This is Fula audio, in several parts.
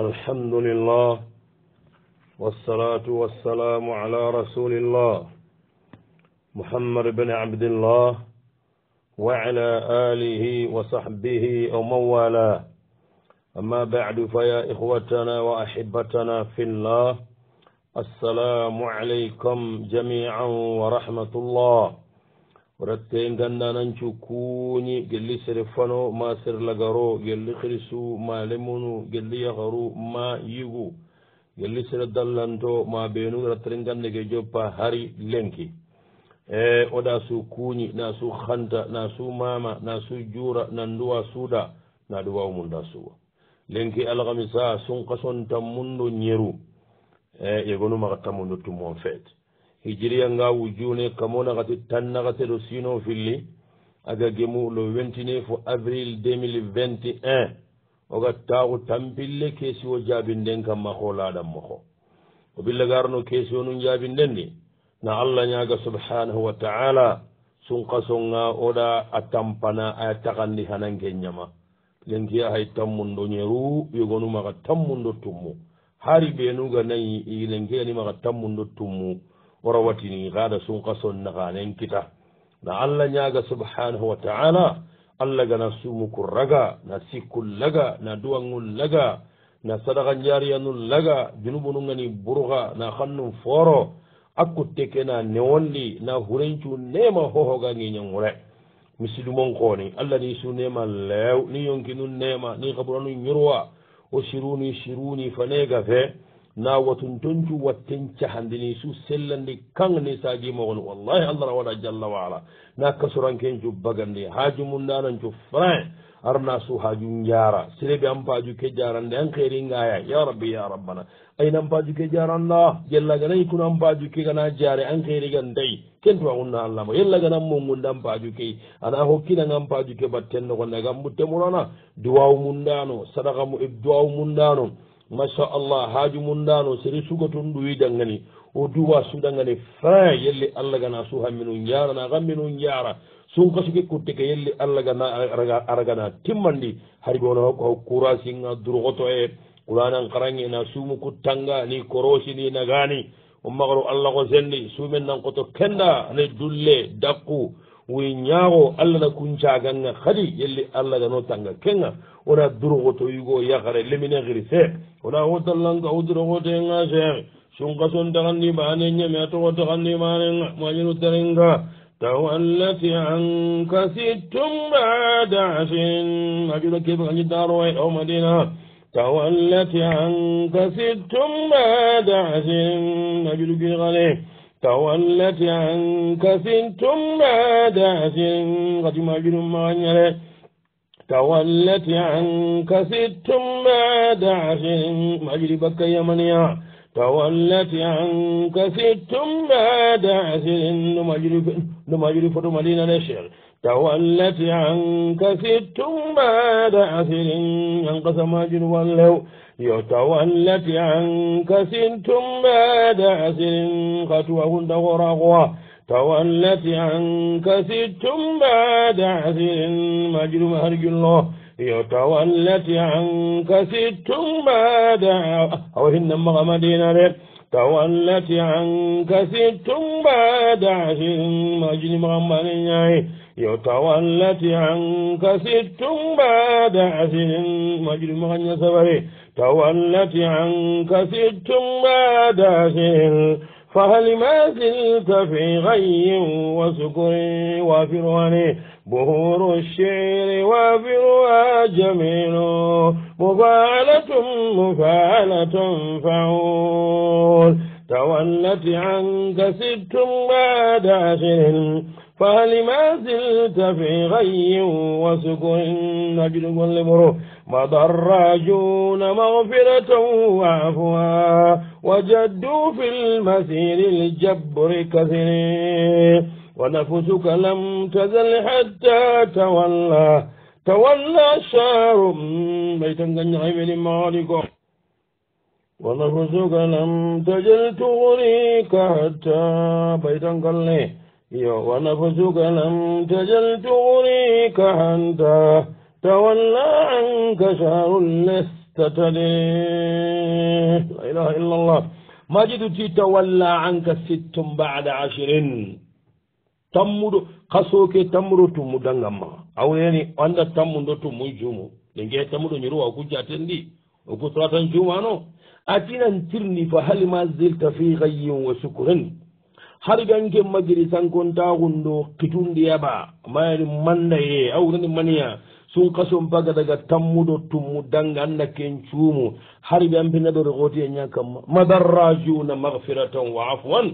الحمد لله والصلاة والسلام على رسول الله محمد بن عبد الله وعلى آله وصحبه أموالا أما بعد فيا إخوتنا وأحبتنا في الله السلام عليكم جميعا ورحمة الله rette gandanan cu kuuni gelli serefano ma serlagaro gelli hirisu ma lemunu gelli yakaru ma yigu gelli sere dallanto ma benu rattere gandege joppa hari lenki e oda su kuuni na su hanta na su mama na su jura nanduwa suda nadu wawmun da suwa lenki alhamisa sun kasontan mundo nyeru e yegonu maka tamundo tumon fete hijiriya ngawu june kamo nakati tan nakate ɗo sino filli aga gemu lo 29 fo avril 2021 oga taku tampille keesi o jabinden kam ma ko laɗan mo ho o billa garno keesi o nun jabinden ndi na allah ñaga subhanahu wa taala sunkasonga oɗa a tampana aya takandi hananke ñama lenkiya hay tammun ɗo ñeru wigonumaka tammun ɗo tummu hari ɓenuga nayi lenkiyanimaka tammun ɗo tummu o rawatini gaada sunqa sonnaxanen kita na allah ñaaga subhanahu wa taala allah gana sumuku raga na sikku laga na duwangun laga na sadaka njariyanun laga junubunungani buruxa na xannun fooro akkuteke na newonli na hurencu nema hohoga ngiñangure misilumon xooni allah ni su nema lew ni yonkinu nema ni xaburanu ñurwa wo siruni siruni fanegafe na watun toncu watten cahandini su sellandi kangni saji mogon wallahi allah rawada jalla wa ala na kasurankencu bagandi haaju mum nanancu frein arna su haaju jara serebe an paaju ke jarande an heeringaya ya rabbi ya rabbana aynan paaju ke jaranda yellaganayi kuno an paaju ke gana jare an heerigandayi kentuwa gunna allahma yellaganan mongunda an paaju ke ana hokkinan an paaju ke batten nogonne gan butte murana duwawu mundano sadaka mu duwawu mundano machallah haaju mum ndano seri suga tun ɗu widangani o duwa sudangani frin yelli allah gana suha minum jarana kam minum jara sunkasuge kutti ke yelli allah gana aragana timmandi hari bono hokkoho kurasi ga durgoto e kuranan karange na sumu kuttanga ni korosi ni nagani ummagaro allah ko sendi sumen nan koto kenda ne dulle dakku woyi ñaawo allah na kuncaganga hadi yelli allah gano tanga kenga wona durogo to yugo yahare lemine hiri seeh wona wotallanka wodurogotenga seeh sunka sontahandi mane ñami a togotahandi manenga moañino tarenga taw allati ankasittum bada asin ajuro kebe kañitaroway o madina taw allati ankasittum bada asin ajuro kiri hale tawallati an kasin tumma dasin kati majinum maxañare tawallati an kasin tumma dasin majiri bakka yamaniya tawallati an kasin tumma dasin numajiri foto madina de cher tawallati an kasin tumma dasin an kasa majinu wallew يتولت عن سنتم ثم دعس خطوه غرقوا تولت عن ستم ثم دعس مجل مهرج الله يتولت عن عنك ثم دع أو هن مغمدين تولت عنك ستم بعد عسر مجل مغمدين يتولت عنك ستم بعد عسر مجل مغنى سبري تولت عنك ست ما داخل فهل ما زلت في غي وسكر وفرون بهور الشعر وفرها جميل مفاعلة مفاعلة فعول تولت عنك ست ما داخل فهل ما زلت في غي وسكر نجد كل بروح مضى الراجون مغفرة وعفوا وجدوا في المسير الجبر كثير ونفسك لم تزل حتى تولى تولى شار بيتا من مالك ونفسك لم تجل تغريك حتى بيتا كالله ونفسك لم تجل تغريك حتى تولى عنك شهر لستتلي لا إله إلا الله ما جدتي تولى عنك ست بعد عشر تمر قسوك تمر تمدنما أو يعني أنت تمد تمجوم لنجا تمر نروى كجاتني وكسرة جمانو أتينا انترني فهل ما زلت في غي وسكر har ganke magiri sankontagundo kitundiyaba mayani mannaye awurani maniya sun kasom baga daga tammuɗo tummu danga anna ken cuumu har ɓe ampinaɗore ooti en ñakamma madar rajiuna magfiratan wa afwan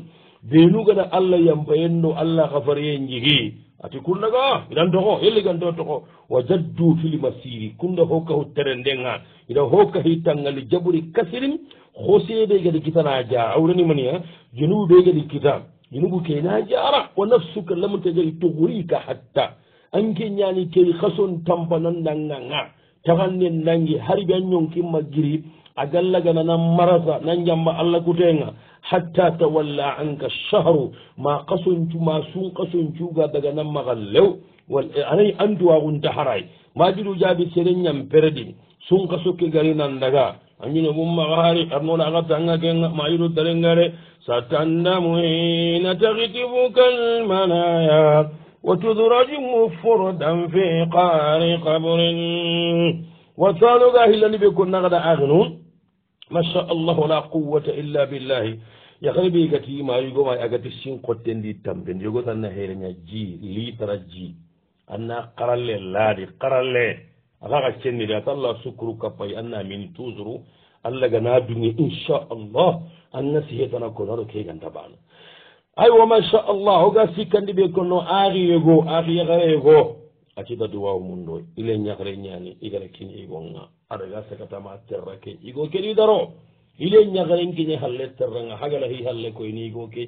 benugaɗa allah yampayenno allah hafareyen jihi ati kunnaga iɗantoko yelligantoo toko wa jaddu fil masiri kunɗo hokka huttere nden ha iɗa hokka hittangalli jaɓuri kasirin hoseɓe gadi kitana ja awranimania junubu ɓe gadi kita junubu kena jara wa nafsuka lamtajai tuhrika hatta anke ñaani tewi hason tampa nandanga nga tahanne nangi hari ɓe an ñonkimma giri a gallagana nan marasa nan jamma allah kutenga hatta tawalla anka shahru ma kasoncu ma sun kasoncuga daga nan magal lew eh, anayi antuwagunta haray majiru jaabi seren ñam peredin sun kasokke gari nan daga añino mum magahari arnola aga tanga kenga majiru darengare satandamuhina tahitibukalmanaya وتدرج مفردا في قار قبر وثالغ هلن بكن نغد أغنون ما شاء الله لا قوة إلا بالله yakhani be gati ma yugo ma agati sin kotte ndi tambe ndi yogo tan na hele nya ji litra ji anna qaralle laadi qaralle aga ga cenni da talla sukuru kapay anna min tuzuru alla ga na dunye insha allah anna sihetana ko daro ke ganta bana ay wo machallah oga sikkandiɓe ko no aariyego aariyaxareyego acida duwaw mum ɗo ile ñaxre ñani igara kin igonga adaga sagatama terrake igo keɗi daro ile ñaxrenkine halle terranga hagala hi halle koyni igo ke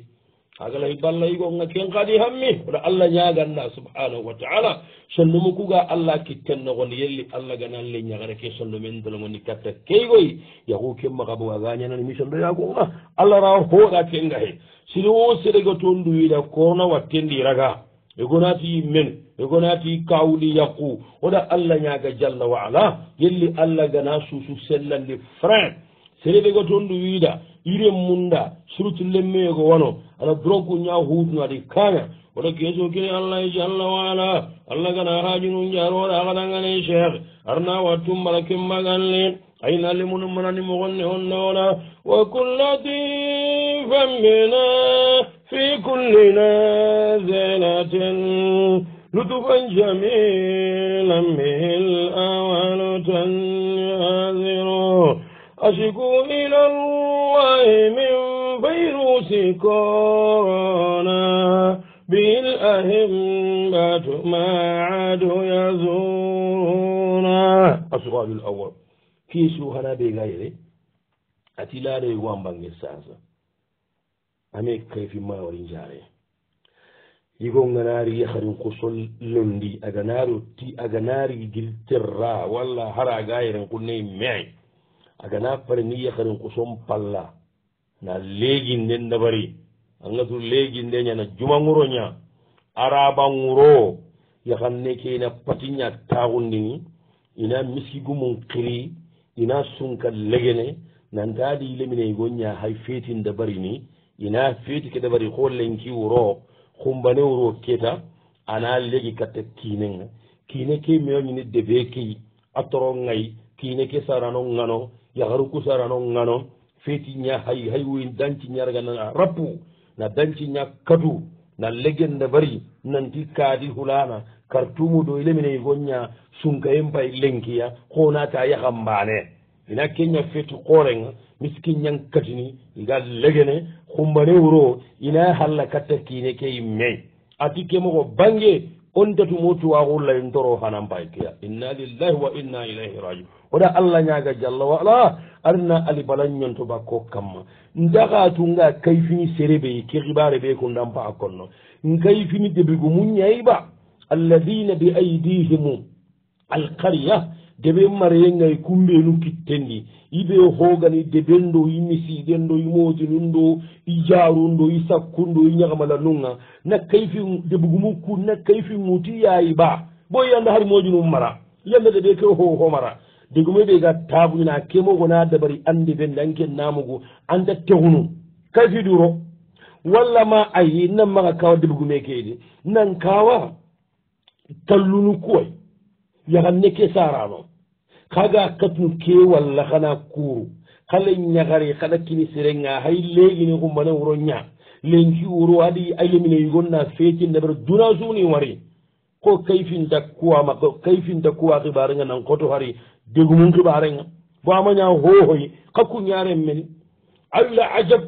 haga lawi balla yigo ngakken kadi hammi oɗo allah ñaganna subhanahu wa taala sollumu kuga allah kittennogon yelli allah ganan le ñagara ke sollumen dalagoni katta keygoy yahu kemma kabo wagañanan mission do yagoma allah rawa hooɗa kenga he sini wo sereko toon du wiɗa corona wattendi raga e gonati yimmen e gonati kawuɗi yakku oɗa allah ñaga jalla wa ala yelli allah gana suusu sellalle frein sereɓe go toon du wiɗa ire munda surtu lemmeyo ko wano aɗa drogu ña huduno aɗi kaña oɗa geeso kine allah e allah waala allah gana haajunu jaroɗa akaɗangane cheikh arna wattumbala kimmaganlen ayna limunu manani mogonne honnoona wa kullati fammina fi kullina zenatin lutufan jamilan mil awanutan yaziro أشكو إلى الله من فيروس كورونا بالأهمة ما عاد يزورنا السؤال الأول في شوهنا بغيره أتي لا ريوان بان الساسة أمي كيف ما ورنجاري يقول غناري يخرين قصول لندي أغناري أغناري قلت الرا والله هرا غايرين قلني معي agana pare ni yakarin kusom palla na legin den dabari anga tu legin den yana juma nguro nya araba nguro yakan neke ina patinya taun dini ina miski gumun kiri ina sunka legene nan tadi lemine gonya hay fetin dabari ni ina feti ke dabari ko lenki wuro kumbane wuro keta ana legi katta kinen kine ke meyo ni debeki atoro ngai kine ke sarano ngano yagaru kusarano ngano fetiña hay hay woyin danciñarganaa rappu na danciña katu na legende bari nanti kaadi hulana kartumu do ilemine goña sunkayen pay lenkiya ta ya mbane ina kenya feti miskin miskiñan katini iga legene khumbare wuro ina halaka katta kine ke imme atike mo mogo bange onde tu motu wa gulla en toro hanan paykiya inna lillahi wa inna ilayhi rajiun oda allah ñaga jalla wa ala arna ali balanyonto bakko kamma ndaga tunga kayfini serebe ki xibare be ko ndampa a konno nkayfini debigu mu alladhina bi aydihimum alqarya debe mariye ngay kumbe nu kittendi yiɓe hoogani debendo yi misiɗenndo yi moodi nunndo i jaarundo i sakkundo i ñagmala nunga na kayfi debugu mu ku na kayfi muti yaayi ba bo yannda har mooji num mara yannda deɓe ke ho homara degume ɓe ga taabuyna kemogona dabari annde bende anke namugu anda tehunu kayfi duro walla ma ayi nan maga kawa debugu me keedi nan kawa tallunu kuway yaganne ke rano kaga katnu ke walla kana kuru ya ñagari kana kini serenga hay leegini kumbane wuro ña lenki wuro adi na yugonna da bar duna suni wari ko kaifin kayfinta kaifin da kuwa kibarenga nan koto hari degumum kibarenga bo amaña ka kun ñaren meni alla ajab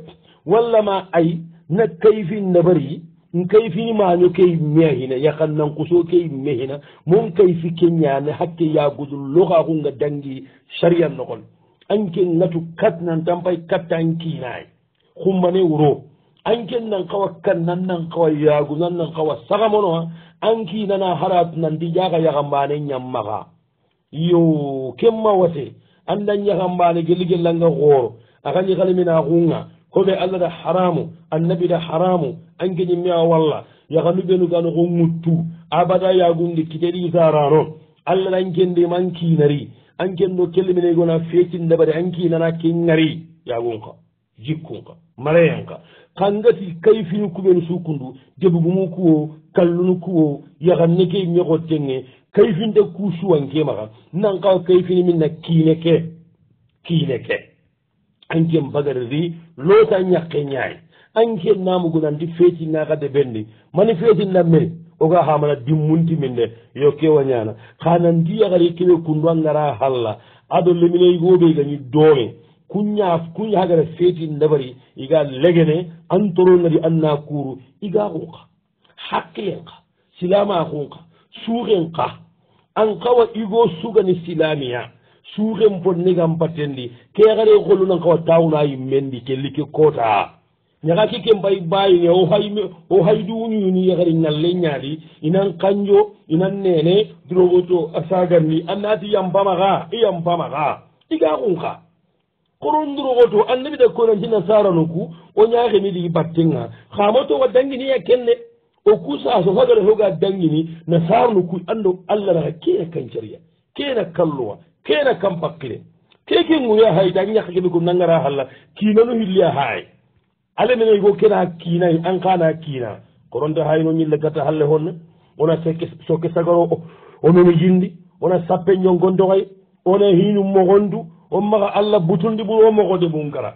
walla ma ay na kayfinna bari nkayfini maano key mehina yakan nankuso key mehina mon kayfi keñaane hakke yagudu lokaku nga dangi sariyan nokon anke ngatu kat nan tampay katta an kinaay xummane wuro anke nan kawa kan nan nan kawa yagu nan nan kawa sagamonoa an kinana haratu nandi jaka yakambaane ñammaka yo kemma wase andan yakambaane gelligellanga xooro akanji xalimina xunga hoɓe allah da haramu annabi da haramu angeñi mia walla yaha luɓenugano ko guttu abada yagunde kiteɗi sara noon allah da ankendema ankinari ankenno kellemenegona fecinndabade ankinana kengari yagunka jikkunka mareyanka kangati kayfini kuɓenu sukundu debugumu kuwo kallunu kuwo yaha neke ñogottenge kayfinde ku suwankemaha nan kawa kayfini min na kiine ke kiine ke an kem bagare ri loota ñakke ñaay an ke namugunanti feeti ngakade ɓenni mani feetinna me oga hamana dimmunti min de yo kewa ñana hanandi yakari keɓe kundu a ngara halla aɗo lemine yigoɓe gañi doome kuña kuña hagara feeti ndabari iga legene an torongadi anna kuru iga xunka hakkilen ka silama xunka suuxen ka an kawa igo sugani silamiya suuxen fo negan batten di ke xare xolu nan xawa tawuna yimmen di kelli ke koota ñaxa ke ke mbay bayine o haydiwuñuyuni yexari ñalle ñaadi inan xanjo inan nene drogoto a sagandi annati yampamaxa i yampamaxa iga xunxa koron drogoto annabida konanci nasaranoku o ñaaxini digi battenga xamato wa danginiya kenne o ku saaso fagara foga dangini nasaranoku ando allah naxa kena kancariya kena kalluwa keena kam pakkile keke ŋuyo hayda ŋ yaka kemi ko nangara halla kiinano hilli a haay ale mene yigo kena kiinayi an kana kiina koronta hayno ñille gata halle honne wona soke sagaro o mene yindi wona sappe ñongondoxay wona hinu moxondu on maxa allah butundi ɓur o moxode mum gara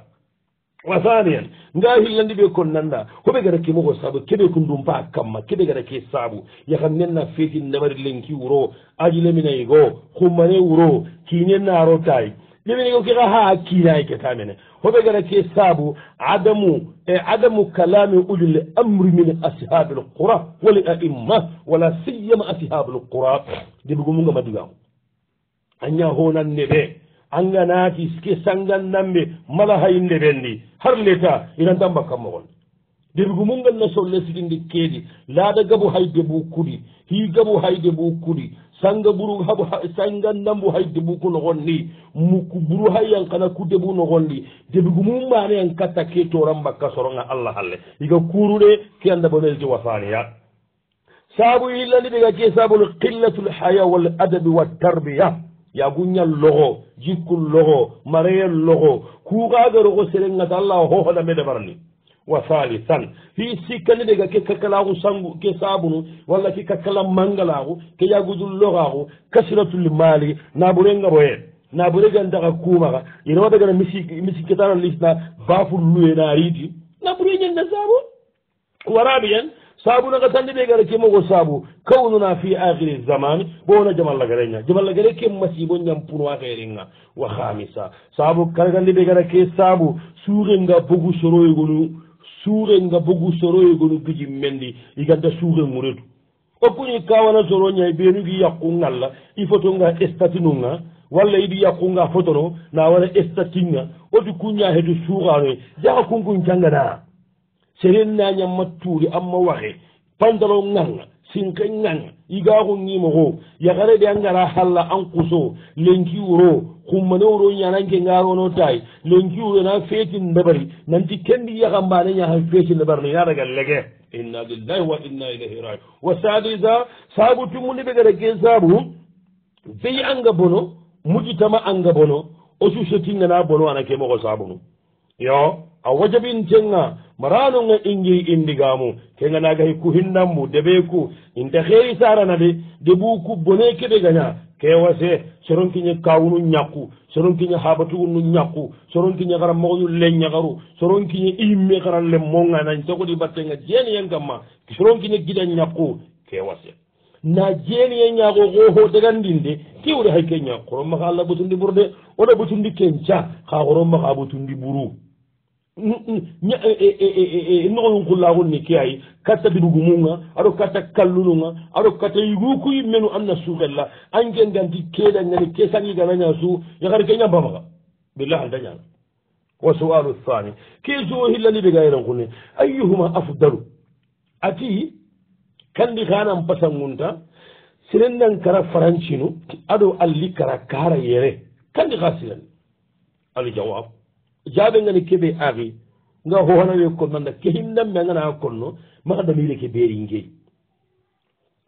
wa haniyan nga hillandi ɓe kon nanda hoɓe gara ke moko saabu keɓe ko ndum mba kamma keɓe gara ke saabu yahan nenna feeti nabari lenki wuro aji leminayi go hummane wuro kiine naaro tay leminayi go kiga ha kiinayi ketamene hoɓe gara ke saabu adamu e adamu kalami ulil amri min ashabe lqura wali aimma wala siyama ashabe lqura debugo mu ngama dugamo a ña honanne ɓe anga naati ke sangan namɓe mala hayinde ɓenndi har leta ina damba kamma gon debigu mu ngal naso lesiginde keedi laada gabu hayde bo kudi hii gabu hayde bo kudi sanga buru habu sangan nambu hayde bo ko nogon ni muku buru hayyan kana kudde bo nogon ni debigu mu maaneyan katta ke toranba ka soronga allah halle iga kuurude ke andabaneelke wasaaniya saabu yillandi ɓega ke saabul qillatul haya wal adabi wa tarbiya yaguñal loxo jikkul loxo mareyel loxo kuxaagaroxo serengata alla xooxona me ɗabarani wa salisan fi sikkani ɗega ke kakalaxu sangu ke sabunu walla ke kakala mangalaxu ke yagudul loxaxu kasiratuli mali naɓurengaɓoye naɓuregantaxa kumaxa yerewaɗagana misikketana lisna bafululuwe na riti naɓureñenga sabu warabi en saabu naga tande ɓe gara kemogo saabu kawnuna fi akhiri zamane bowona jamallagareña jamallagare kem masibo ñam pourwa xeringa wa hamisa saabu kala tande ɓe gara ke saabu suurenga bogu soroyegonu suurenga bogu soroyegonu giji mendi iganta suure ŋuretu okkuñi kawana soroña ɓenugi yakku ŋalla i fotonga statinunga walla idi yakkunga fotono na wara statinga oti kuñahedu suuranoy jaxa kunkun cangana serin naña matturi amma waxe pantalon ŋaŋa sinke ŋaŋa igaaxu ñimoxo yaxare de a ngara xalla an quso lenki wuro xummane wuro ñananke ngarono tay lenki wuro na feetin ndabari nanti kendi yaxambane ñaxa feetin ndabarino ya daga lege inna lillahi wa inna ilayhi raji wa sadisa saabu tumundi ɓe gara ke saabu bey anga bono mujitama anga bono o susetinga na bono ana ke moxo saabunu yo a wajabin tenga maranunga ingi indigamu kenganagahi kuhinnammu debeku inta heyi saranade debu kubbone kebe gaña kewase soronkiña kawunu ñakku soronkiña habatugunu ñakku soronkiña hara mogoyu lenñakaru soronkiña imme hara len mongana sogodi battenga jeniyen kamma soronkiña gida ñakku kewase na jeniye ñago hoho degandinde kewuri hay ke ña horomaha allah botundi ɓurde oɗa botundi kenca ha horomaha botundi ɓuru Eh, eh, eh, noxoyunkulaxun ni ke ayi katta birugumunga aɗo katta kallununga aɗo katta yuguukuyi menu an na suxella an genganti keɗangani ke sangiganaña su yaxari ke ñambamaxa billah alta ñana wa sual thani ke soo xillani ɓega yeranqune ayuhuma afdalu ati kandi xanan pasangunta sirendan kara farancinu aɗo alli kara kara yere kandi xa sirani alijawab jaaɓe ngani keɓe ari nga hoorawe ko nanda kehinnamɓe ngana konno maɗamiile ke beeri ngeyi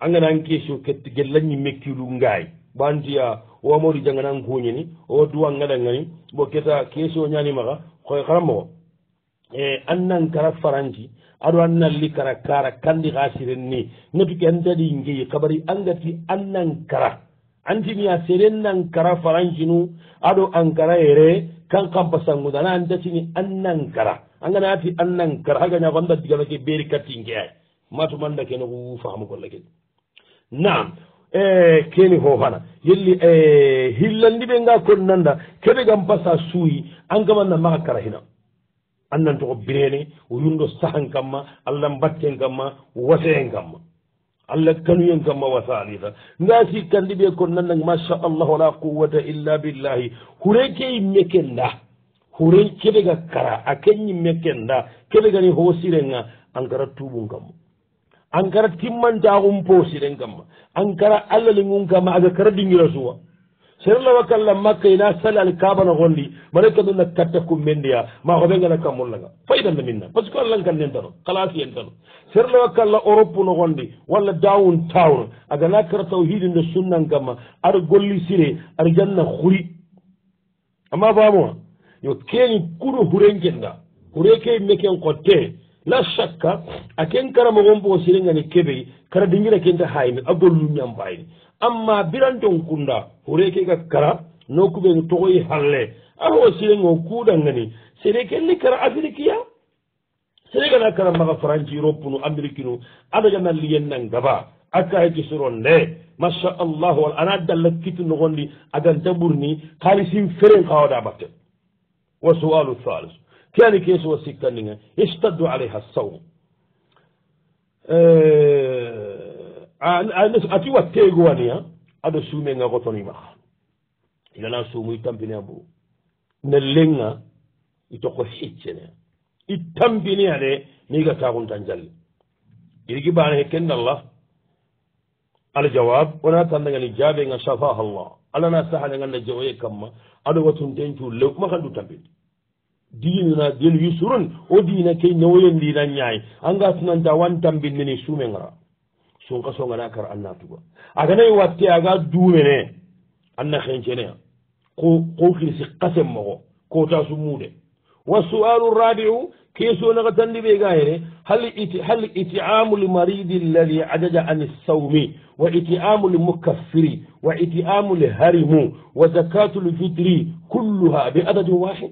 anganan question kette gel lañi mekkilu ngaay ɓantiya womodi janganan kuñini o duwa ngaɗa ngani bo keta question ñanimaxa koye xaramoxo e eh, annan kara faranti aɗo annalli kara kara kandi xa siren ni ngatu ke antaɗi ngeyi xabari angati annan kara antini a serennan kara faranti nu aɗo ankara yere kan kampa sanguda ana andasini annankara angana ati annankara haga nya wanda digana ke beri kati ngi ay matu manda ke no famu ko lake naam e keni ho hana yelli e hillandi be nga kon nanda kebe gam passa suyi angama na makara hina annan to birene o yundo sahan kamma allah mbatten kamma wase kamma allah kañuyen kam ma wasaali ta ngaasi kandi ɓe kon nan nag machallah wala quwata illa billahi hurekeyi mekenda huren keɓega kara a keñi mekenda keɓegani hoosirenga ankara tuɓun kamma ankara timmantaxum posiren kamma ankara allah lingun kamma aga kara dingira suwa serlawakalla makka ina sali ani kabana holli mara ka nuna katta ku mendiya ma hoɓe ngana kam mullanga faydanna minna par ce que allah kan nentano kalasi entano serlawakalla europe no gondi walla dawun town agana kara taw hiɗinde sunnan kamma aɗa golli sire aɗa janna huri amma bamoa yo keeñi kuɗo hurenkenga hure kee meken kotte la chaque a ken karama wonpo sirengani keɓey kara dingira kenta hayni a gollunñam bayni amma biranton kunda horekeka kara nokkuɓen togoyi halle aho sirego kuɗangani sere kelli kara afriquea seregana kara maga franci europe nu amérique nu aɗojanalliyennan gaba akkayeke soron nde masha allahu wala ana dalla kitti nogondi aganta ɓurni haalisin feren kawaɗa batten wa sualu halis keani keso wa sikkandiga istaddu alayha sawm Eh, a tiwa teegowani a aɗo suume nga ko toon imaxa ilana suumuy tampini a bo ne lenga i toko xiccene i tambini ade niga taxuntan jalli irigi baaneke ken dalla aljawab wona tandangani jaabenga safaha llah alana saxanangan na jawoye kamma aɗo watunten cuu lew maxandu tampini دينا ديننا دين يسرن دينا كي نوين دينا نياي أنغا سنان داوان تنبين نني سومن را سون قصونا ناكر أننا تبا أغنى واتي أغا دومن أننا خينجن قو خلسي قسم مغو كوتا سمود والسؤال الرابع كيسو نغتن لبي غير هل هل اتعام المريض الذي عجز عن الصوم واتعام المكفر واتعام الهرم وزكاة الفطر كلها بعدد واحد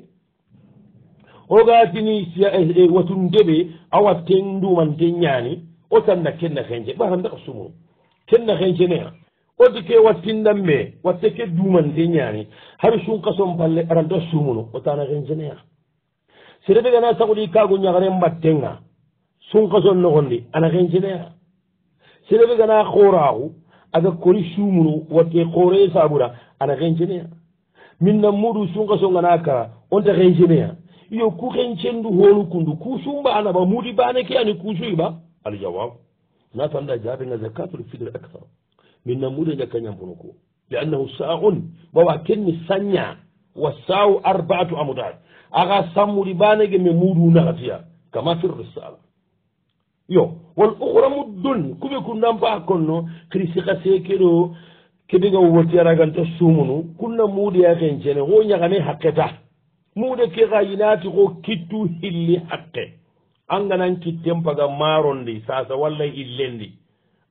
ogatini eh, eh, watun deɓe awatte ndumante ñaani o tanna kenna xence ɓaran ndaka sumu kenna xence nea odi ke wattindan me watte ke dumante ñaani har sun kasom palle aran ta sumunu o tana xence nea sereɓegana saxuɗi kaago ñaxare mbattenga sun kason noxondi ana xence nea sereɓegana xooraxu aga kori sumunu watte xooree saɓura ana xence nea min na muɗu sun kasonga na kara onta xence nea yo kuken cendu holu kundu kusumba anaba muti baneke ani kusuyiba aljawab natanda jaɓega zakatul fitre acar min namude jakka ñampunuko liannahu saun bawa kenni sanña wa sau arbaatu amudat aga sammudi baneke mi muɗu nakatiya kama firrisala yo wal ukra muddun kuɓe kundampa konno krisika sekeɗo keɓega wotiyaraganta sumunu kunna muɗiya ken cene ho ñagame hakketa muɗe ke gayinati ko kittu hilli haqqe an ganan kitten paga marondi sasa walla illendi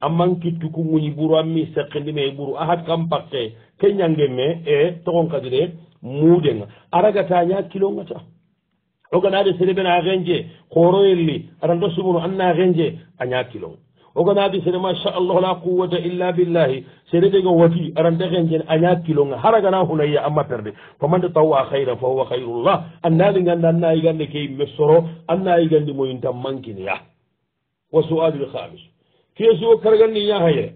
amman kittu ku muñi ɓuru an mi sekkindima e ɓuru ahat kam pakke keñangeme e togon kadire muɗenga aragataña kilongata o ganade sereɓena xenje horoyelli aɗanto sumunu anna xenje aña kilong ogonadi sene Allah la quwwata illa billahi sene de go wati aran de gen gen aranta henjen aña kiloga haragana hunayya amma perde man tawwa hayra fa huwa hayrullah annaɗi ganda annayi gande ke yimɓe soro annayi gandi moyin tan ya wa su'al al khamis sualul kargan ni ya haye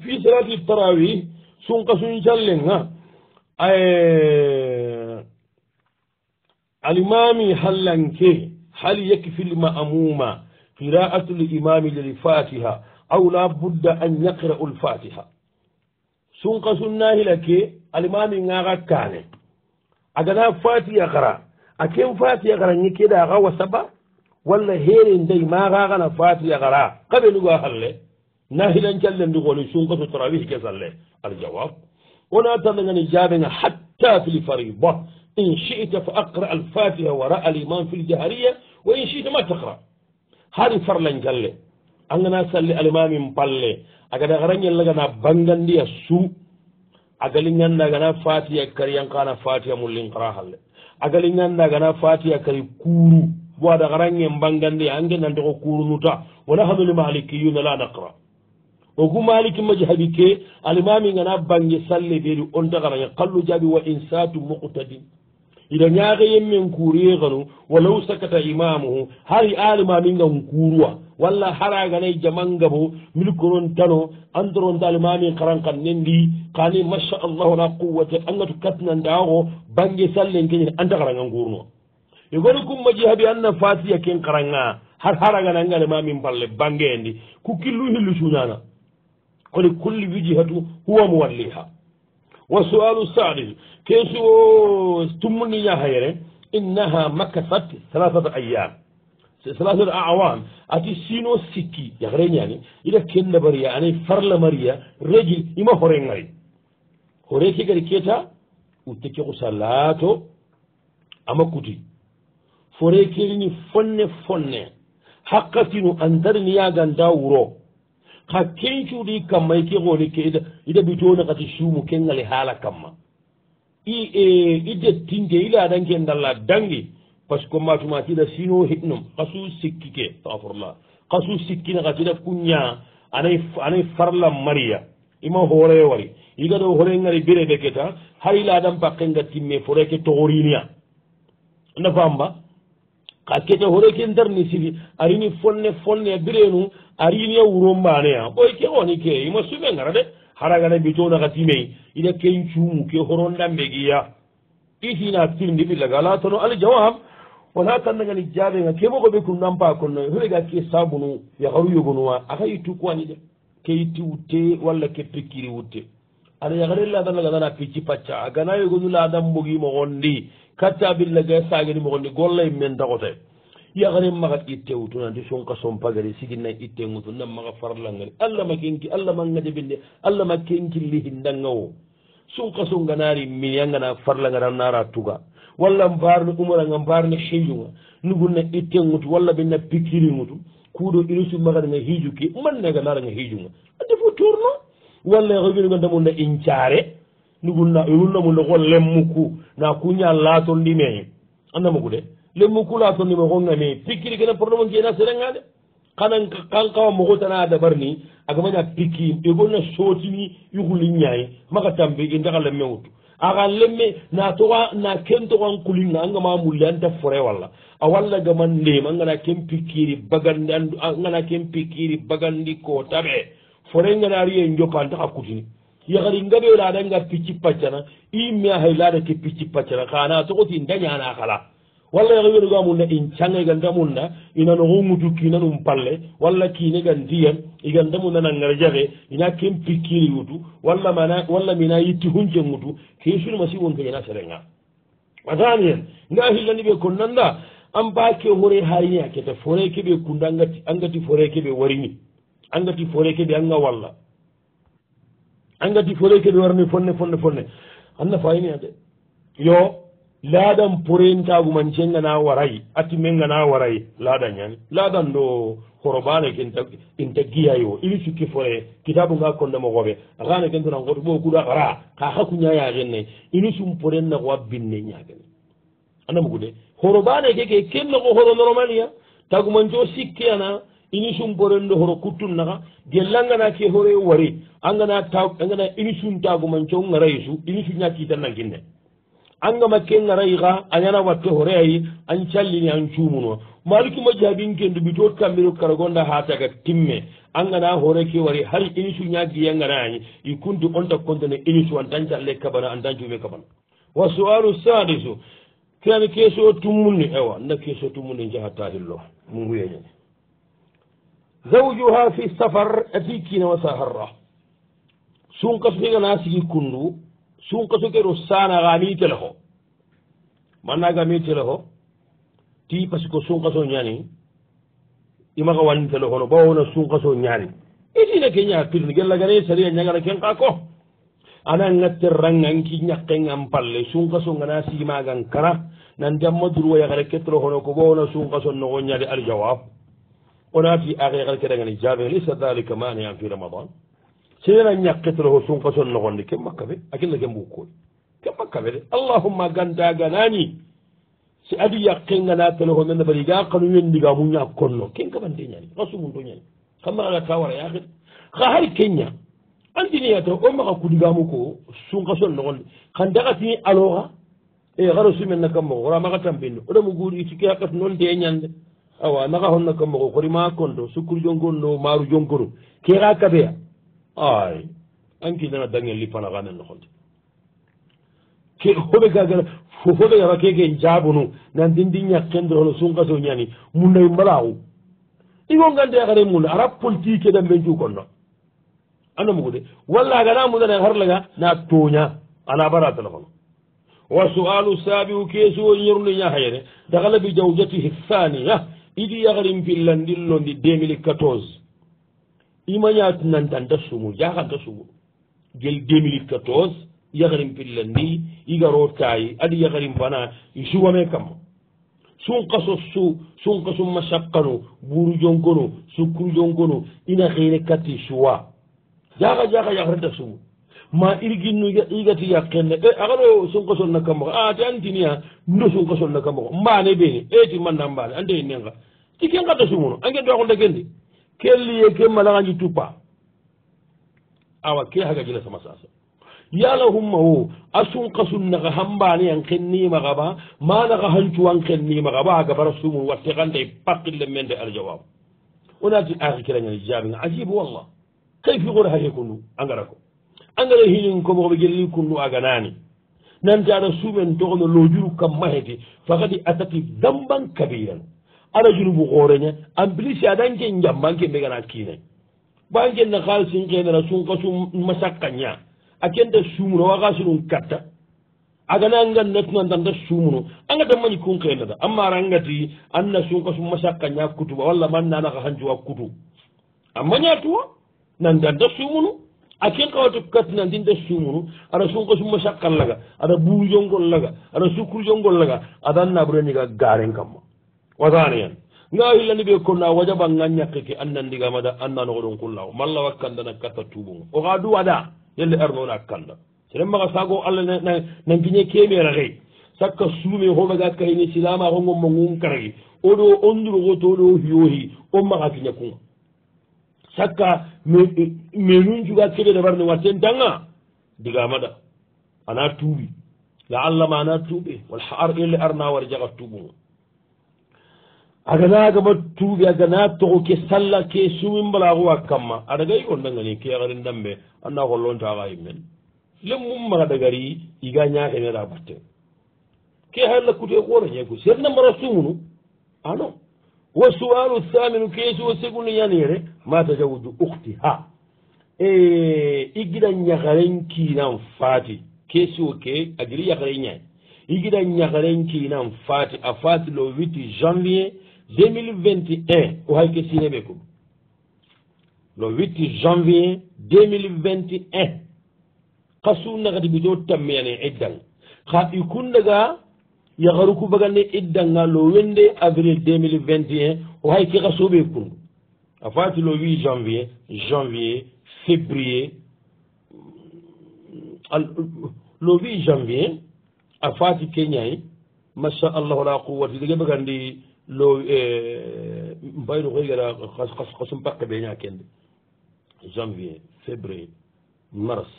fi salati tarawih sun qasun jallin sunka ay al imami halanke hal yakfi yakfil ma'amuma قراءة الإمام للفاتحة أو لا بد أن يقرأ الفاتحة سنة سنة لك الإمام ناغا كان أجنا فاتحة قرأ أكين فاتحة قرأ نكيدا غوا سبا ولا هيرين دي ما غاغنا فاتحة قرأ قبل غاهل ناهلا جلن دغولي سنق ستراويه كسل الجواب ولا تلغني جابنا حتى في الفريضة إن شئت فأقرأ الفاتحة وراء الإمام في الجهرية وإن شئت ما تقرأ hari farlan jalle an gana salli alimamin palle a gada garanyen lagana bangandi a su a galin yanda gana fatiya kari yankana fatiya mullin kara halle a galin yanda gana fatiya kari kuru bu a da garanyen bangandi an gina ta kuru nuta wani hannu ne maliki yi nala na kara o kun maliki maji habike alimamin gana bangi salli beri on da garanyen kallo jabi wa insatu muku idan ñaaka yemmen kuuriye kanu walau sakata imamuhu hari ga kuruwa walla jaman gabo milkurun tano andoronta alimamin karan kan nendi kani masha allahu la quwwata angatu katnandaaxo bange sallenkeñen anta karangan kuurno kun maji habi fasi fatiya ken karanga har haragananga alimamin balle bangendi ku killu hillu cuñana koni kulli wijihatu huwa muwalliha wa sual sadil keesu o tummundi ñahayere innaha makkasat salasata ayam salasata awan ati sino sikki yakreñani ita kendabariya ana farlamariya reji ima hore ngari hore ke gadi keta utekkeku salato ama kuti fore kerini fonne fonne hakkatinu andariniyaganda wuro ha kencuuɗi kamma e ke xoni ke ida bi tooni xati suumu ke ngale haala kamma i e, i dettinke i laadanke ndalla dangi par ce que matumati ida sino hinnum xasu sikki ke stafirullah xasu sikkine xati ida kuña anay anay farla maria ima hoore wari igaɗo hore ngari bire ɓe keta hay laadan paqe ngattinme foreke toxorinia nafamba xa kete horeke ndarni sifi arini fonne fonne birenu arini ye wuron baneya boy ke oni ke ima sube gara de haragana bito nakatimey ina kencumu ke horondanbegiya ihina sirndi billaga ala tono alijawab wala kandagani jabega ke bogobe kun nampa konno hoyga ke sabunu yakaru yogonuwa aka yittu kuwani de ke yitti wutte walla ke pikkiri wutte ada yakare ladanlaga dana picci pacca agana yogonu ladan bogi mogondi katta billaga sageni mogondi gollay men tagote yagare maxa ittewutunanti sonka sompagari siginna ittenŋutu nan maxa farlangari allama kenki allama ŋajabinde allama kenkili hindanga wo sonka songa nari mini angana farlangari anara tuga walla mbarni umaranga mbarni heyunga nugunna ittenŋutu walla binna pikiri ŋutu kuuɗo irisu maxaranga hiju ke mannaga naranga hijunga ande fo torno walla yahoviniga ndamunna incare nugunna yurunnamunna ko lemmuku na kuña latolli meye anndama gude lemu kula to ni mogo ngame pikiri gena problème ke na serenga de kanan kan kawa mogo tana da barni aga manya piki e gona shoti ni yuhuli nyai maka tambe ke ndaga lemme utu aga lemme na to na kento kan kulinga anga ma mulyan ta fore wala a walla ga man le man ngana kem pikiri bagandi ngana kem pikiri bagandi ko tabe fore ngana riye njopan ta kutini yagari ngabe la danga pikki paccana i mi a hay la da ke pikki paccana kana to ko tin danya na kala walla yaxa wergo amunna in cangaiganta munna ina noxungu dukki ina num palle walla kiine gan diyan iganta munna na ngarjaxe ina ken pikkiri ŋutu walla mana walla mina yitti hunce ŋutu ke sunu masi wonke ina serenga masamien nga hillani ɓe konnanda an ba ke hore harini a keta fore keɓe kunda angati angati fore keɓe warini angati fore keɓe anga walla angati fore keɓe warini fonne fonne fonne an nafayini a de yo laaɗan porentaagu man cengana waray atti mengana waray laaɗañan laaɗan ɗo horobaane kinta inta giyayo ili sukki fore kitabu nga kondemo xoɓe axaane kentona xoɗ ɓo kuɗa xara xa xakuñayaxen ne ini sum poren naxowa binne ñagene andamugude horobaane keke ken naxo horo normalia tagumanco sikki ana ini sum poren ɗo horo kuttun naxa gellangana ke horee wari angana angana ini sum taagumanco ngaray su ini suña kiitan nankinne angama kenga rayiha ayana watto hore ayi an callini an cumuno malikuma jaabin kendu bitot kambiro karagonda ha taga timme angana hore ke wari har inisu ñaggiyangarani e i kunti onta kontene inisu an tan calle kabana an tan cuume kabana wa soalu sadisu kirani keso tummunni ewa nda keso tummunni jahatta hillo munguyeñani zawjuha fi safar ati kinawa saharra sunkasuhigana sigi kundu sunka soke ro sana gami tele ho manna gami tele ho ti parce que sunka so nyani ima ga wan tele ho no bawo na sunka so nyani idi na kenya pirni gella gare sariya nyagara ken ka ko ana ngatte rangan ki nyakken am palle sunka so ngana si magan kara nan jamma duru waya gare ketro ho no ko bawo na sunka so no nyali al jawab onati a gare gare kedangani jabe li sadalika mani am fi ramadan sena ñakketoroko sunka son nogonde ken makka ɓe a killa ke mbukkoy ken makka ɓe de allahumma gandaganani si adi yakkengana teloko nana bari ga kanu wendiga muña konno ken kabande ñani rasulmum to ñani kamarala tawara yaxid xa hari kenña andiniyato o maxa kudigamu ko sunka son nogonde xan daxatini aloxa e xaro sumen na kam moxo xora maxa tampindo o ɗomu guuri sikki xaqet non de ñande awa naxa honna kam moxo xorima kondo sukkur jongonno maaru jongoro ke xa kabeya ay anki nana dangel lippana ga nen noxonte ke hoɓe gagana hoɓe yaba keke jabunu nandindi ñakkendrono sunkaso ñani munnay mbalaxu iwo ngande xare munna ara politique ke da mbencu konno anda mugu de walla gana mudana har laga na toña ana bara telephone wa su'alu sabi u kesu o ñirundi ña xayene daxala bi jaw jati hissaniya idi yaxrim fillandillo ndi 2014 imañaatu nanta nda sumu jaaxa nta sumu jël deux minute ka toos yaxarim pilla ndi yigaroo taay adi yaxarim bana suwame kam sunqaso su sunqasu masakkanu buuru jonkonu sukkuru jonkonu ina xiine katti suwa jaaxa jaaxa yaxarinta sumu ma irginu yigati yaqenne e axano sunqasonna kammoxo a ah, te antinia ndo sunqasonna kammoxo mbaane beeni eti manna mbaane ante innenga ti ken xata sumuno angen doaxu ndakendi kelliye ke malaganji tuppa awa ke hagajina sama sasa yala humma ho a sunka sunnaga hambani an kennimaga ba managa hancu an kennimaga ba agabara sumum watte kanta pakkille men de aljawab onati aki kirañani jaabiga ajibu wallah kayfi gora hake kundu angara ko angara hinin komoɓe gelli kundu aganani nanti aɗa sumen togono lojuru kam mahete fakadi atati damban kabiran ala junubu horene an bilisi adan ke jamba ke be gana kine ban ke na khal sin ke na sun kasu masakanya aken da sumuno waga sun katta aga na ngan na tun dan da sumuno an ga man kun kai da amma ran ga ti an na sun kasu masakanya kutuba walla man na na ga hanjuwa kutu amma nya tuwa nan dan da sumuno aken ka wata kat nan din da sumuno ara sun kasu masakan laga ara bu jongol laga ara sukur jongol laga adan na bure ni ga garen kamma وثانيا لا إله إلا الله كنا وجب أن نكفي أن نديك ماذا أن نقولن كله ما الله وكنده نكتب توبون وغادوا هذا يلي أرنونا كنده سلم ما قصعو الله ن ن نبني كيمي رغي سك سومي هو بعد كهيني سلام هم مغمون كري أدو أندرو غتورو هيوهي أم ما قصينا كون سك م مينون دبر نواتين دعنا ديك ماذا أنا توبي لا أنا توبي والحار يلي أرنا ورجع توبون aganagama tuuɓe agana togo ke salla ke sumimbalaxuwa kamma adagayi on dangani ke arin dambe anna xollontaxa yimmen lemmumaxa dagari iga ñaxenera batten ke xarla cute xoore ñeku serna mara sumunu ano wa sualu thaminu ke suwa segunde ñanere ma tajawudu ukti ha e i gida ñaxaren kiinan faati ke suwo ke agiri yaxare ñay i gida ñaxaren kiinan faati a faatilo witi janvier 2021 o halke sine ɓe kom no witti janvier 2021 ka sunnakati mbito tammiyane iddan ha ikundaga yahar kubagane iddanga lo wende avril 2021 o hayke ka soɓe kundu a fati lo 8 janvier janvier février lo 8 janvier a fati keñayi macha allahu la quwati dege bagandi low mbayno koy gara xasum pakqe ɓe ñakende janvier février mars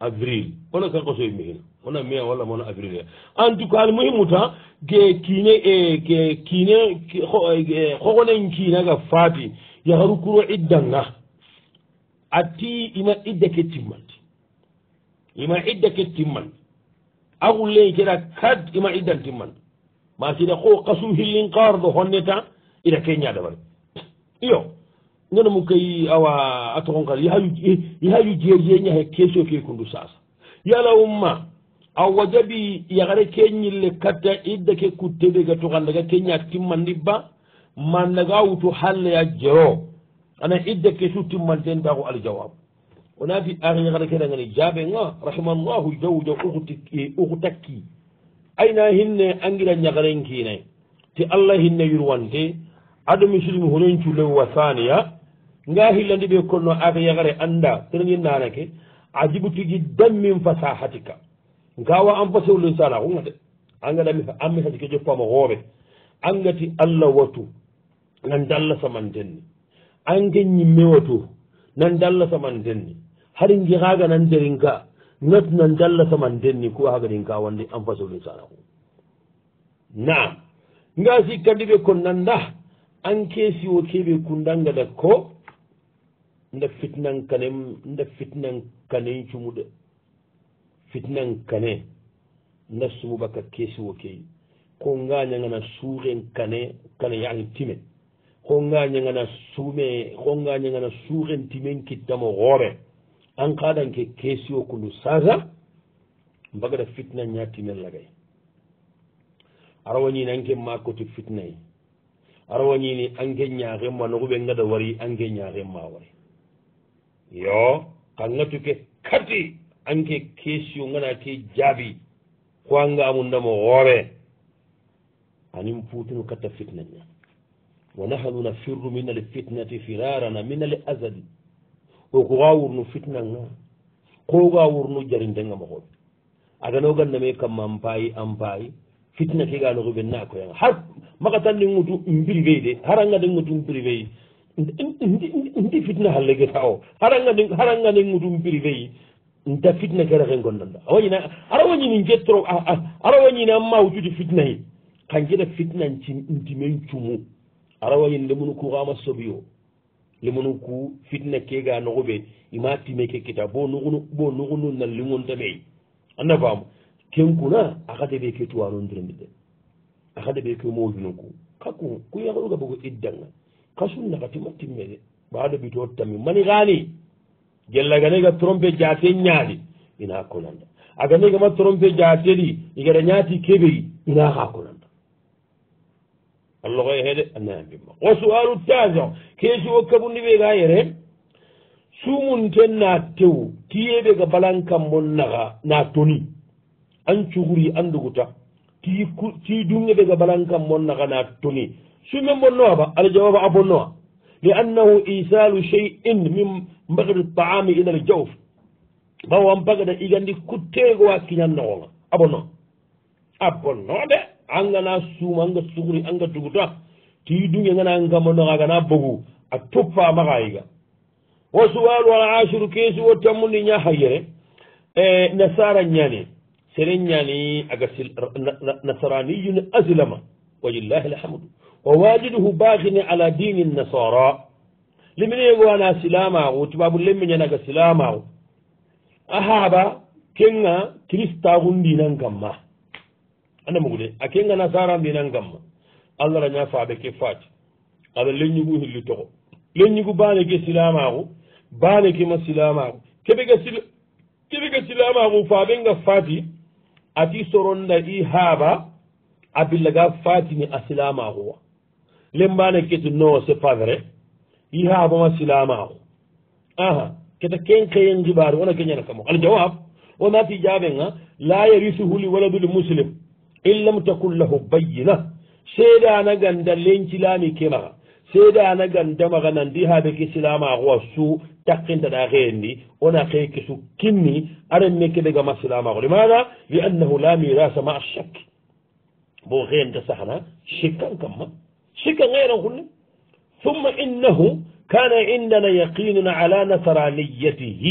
avril ona kan qosoy mehina ona mai walla mona avril en tout cas muhimuta ge kine ke kine xoxonen kinaga faati yaxaru kuro iddanga ati ina idda ke timmandi ima idda ke timmandi a xulleyi keda kad ima iddan timmandi ma siɗa ko kasum hillin karɗo honne tan ita keñadabare iyo ngena mum kay awa a togonkal yahayu jeerjee ñahe keso ke kundu sasa yalawumma a wajaɓi yakare keñille katta idda ke kuttedega tuganndaga keña timmandi ba mannaga wutu halleya jero ana idda ke su timmanten ba ko aljawabu onaafi ahyakare kedangani jaabe nga rahimallahu jawja uku takki ayna hinne angira ñakaren kiinay te allah hinne yurwante adomi sudumi honon cullowi wa saniya nga hillandi ɓe konno aka yakare annda serengin nanake a jibutigi dammin fa sahatika gawa an fa sewlen sana kunga de angaɗami anmisatike joppama hoore angati allah watu nande allah samantenni anke ñimme watu nande allah samantenni haɗi gihaga nanderin ga natna jallatoman denni ku hagadin ka wande enfaso lisanahu naam ngasi kandi ɓe ko nanda an keesi wo keɓe ku dangada ko nda fitnan kane nda fitnan kanen cumuɗe fitnan kane nda sumubaka keesi wo kei ko ngañangana suuren kane kane yani time ko ngañangana sume ko ngañangana suuren timen kittamo hoore an kaɗanke keesiyo kundu sasa da fitna ñattimen lagay arawañini anke makkoti fitnayi arawañini ma na noxuɓe ngada wari an anke ma wari yo tuke kati an kesi keesiyo ngana ke jaabi ko anga amundamo ani anin putunu ta fitna ña wa nahanu nafirru min fitnati firarana min al azadi oko wawurno fitnanga ko wawurno jarindenga mahoɓe agano gandame kam ampayi ampayi fitna keganoko ɓe nakoyaga har maga tanni gutu mbirwey de haranga de gutu mbirwey ndi fitna hallegeta o haranga de gutu mbirwey nta fitna kerahe gondanda awañina ara wañini jettoro ara wañini an mawtude fitnayi kanjeɗa fitnanci ndimen cumu ara wañinde mun kuxama soɓi o limono ku fitna kega nogoɓe ima timeke kita bo nuunu bo nuunu nan lingontaɓey anna faam kenkuna akadeɓe ke tuwanodirdide akadeɓe ke mowinuku kakku kuyaoɗuga bogo iddanga kasun nakatima timmede ɓaɗo ɓito tami mani gani gellaganega trompe jate ñaadi ina hakkunanda aganegama trompe jateɗi igaɗa ñaati keɓeyi ina hakkunanda allah koye heede a naambimma wo suwalu taso keesi o kabundi ɓe ga yere sumun ten na tew tiyeɓe ga balan kammon naga na toni an cuhuri anduguta ti dungeɓe ga balan kammon naga na toni sumen bonnowa ba ala jawaba a bonnowa li annahu isalu shey in min mbagdi taami inal jawf bawan bagda igandi kuttego wa kiñannogonga a bonno a bonno de angana suuma anga sugri anga duguta ti dunge ngana ngamanoxa gana bogu a toppamaxayiga wo suwalu alashiru kesi wo tammundi ña hayere nasara ñani sere ñani aga nasaraniyun asilama walilahi alhamdu wa wajiduhu baxine ala dini nasara limine yegowana silamaxu tubabu lemmeñanaga silamaxu a haaba kenga kristaxundinan kamma anama gude a kenga nasara mbinan gamma allah raña faaɓe ke faati ala leñigu hilli toxo leñigu baane ke silamaxu baane ke ma silamaxu keɓe ga silamaxu faaɓe nga faati ati soronda i haaba a billaga faatini a silamaxuwa lembaane keti no c'est pas vrai i haaba ma silamaxu aha keta ken keyen xibaari wona keñana kamo xan jawab wonati jaɓenga la yarisuhuli waladuli muslim إن لم تكن له بينة سيدا نغن دلين سلامي كما سيدا نغن دمغن ديها بك سلام أغوى سو تقين تداغين دي ونا خيك سو كمي أرن نكي دغا ما سلام هو لماذا؟ لأنه لا ميراث مع الشك بو غين تسحنا شكاً كما شكاً غير أغوى ثم إنه كان عندنا يقين على نصرانيته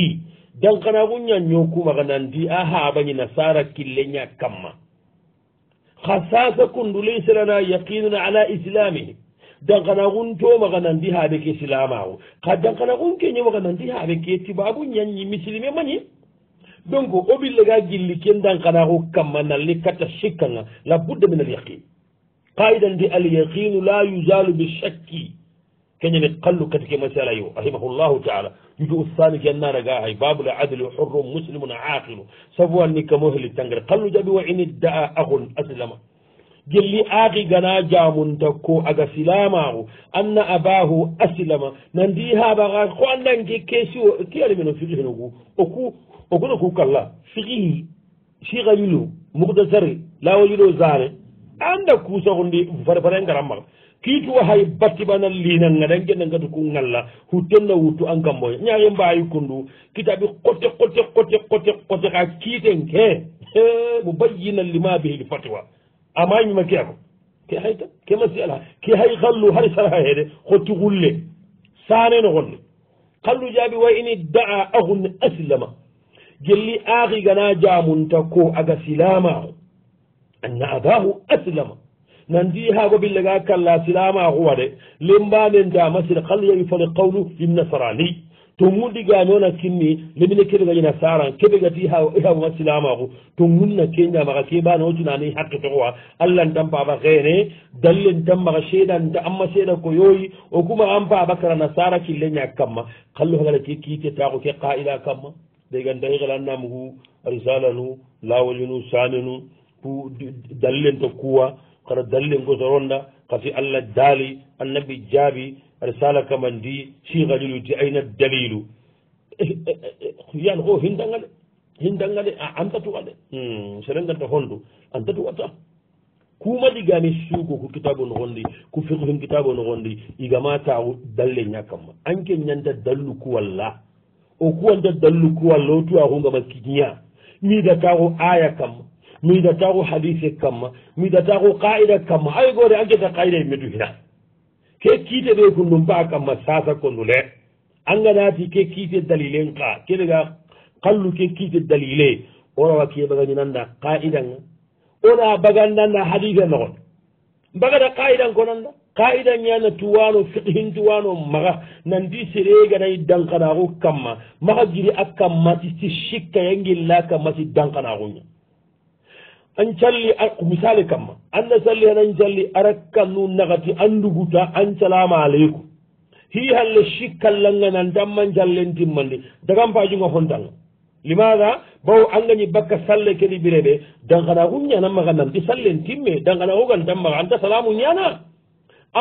دان قناغون يان يوكو مغنان دي أها بني نصارك اللي كما خساسة كندو ليس لنا يقين على إسلامه دقنا غنجو مغنى ديها بك إسلامه قد دقنا غنجو مغنى ديها بك اتباب يعني مسلمي مني دونك أبي لغا جل كن دقنا غو كمان لكتا شكنا لابد من اليقين قائدا دي اليقين لا يزال بالشكي كنيني قلو كتك مسألة أيوه. يو رحمه الله تعالى يجو الثاني جنة رقاها باب العدل حر مسلم عاقل سبوا أنك مهل التنقر قل جبي وإن الدعاء أغن أسلم جلي آغي غنا جامن تكو أغا سلامه أن أباه أسلم نديها بغا خوانا نجي كيسيو كيالي منو فقه نقو أكو أكو نكو كلا فقه شيغ يلو مقدسري لا وجلو زاري anda kusahundi farefare ngaramma kiitu wa hay batti bana lina ngada ngenda ngadu ku ngalla hu tonna wutu an kambo nyaare mbaayi kundu kitabi qote qote qote qote qote ka kiite nge he bu bayyina lima bihi fatwa amay ma kiya ko ke hayta ke masala ke hay khallu har sarha hede khoti gulle sane no gonni khallu jabi wa in daa ahun aslama gelli aghi gana jamunta ko aga silama anna abahu aslama nandi hago bille ga kalla silamaku waɗe limbanen damasir kal yawi fale qawlu fi nasrani to mudiga noona kinni limine keɓegañana saran keɓegati hagoga silamaku to munna ke ñamaga ke bana otinani haqqe toxowa allah n tan paba xeene dallen tan maxa seedanta anma seeda ko yooyi o kumaxan paba kara nasara kille ña kamma kallu hagala ke kiitetaxo ke qaila kamma ɗegan daxixelannamugu risala nu lawoli nu sane nu dallen to kuwa kata dallen goto ronda kati allah daali annabi jaabi aɗa sala kaman di siikaliluti ayna dalilu eh, eh, eh, yan o hindanga de hindanga de antatuwa de hmm, serenganta hondu antatuwa ta kuma digami suugo ko kitabu nogondi ko fihin kitabu nogondi igamataw dalle ñakkamma anke ñanta dallu kuwalla o kuwanta dallu kuwalla o tuwa kungama kiña mi da kawo aya kamma miidatagu hadise kamma miidatagu qaida kamma ay gore angeta qaida e medu hina ke kiite ɓe kun num ba kamma sasa kondu le anganati ke kiite dalilen qa keɓega qallu ke kiite dalile orawa kie ɓagani nanda qaidanga ona bagan nanda hadise nogon mbagata qaidan ko nanda qaida ñana tuwano fiqihin tuwano maga nandi sereganayi danganagu kamma maga giri a kammati si sikkayangilla kammasi danganagu ña an calli ko misali kamma anna salli hen an calli arakka nu nagati anduguta an salamu aleykum hi halle sikkallanganantanma jallentimmandi dagampajunga fontanga limaga bawo angañi bakka salle kedi ɓire ɓe dankana ku ñanamaganamɗi sallentimme dankana ogantanmaa anta salamu ñana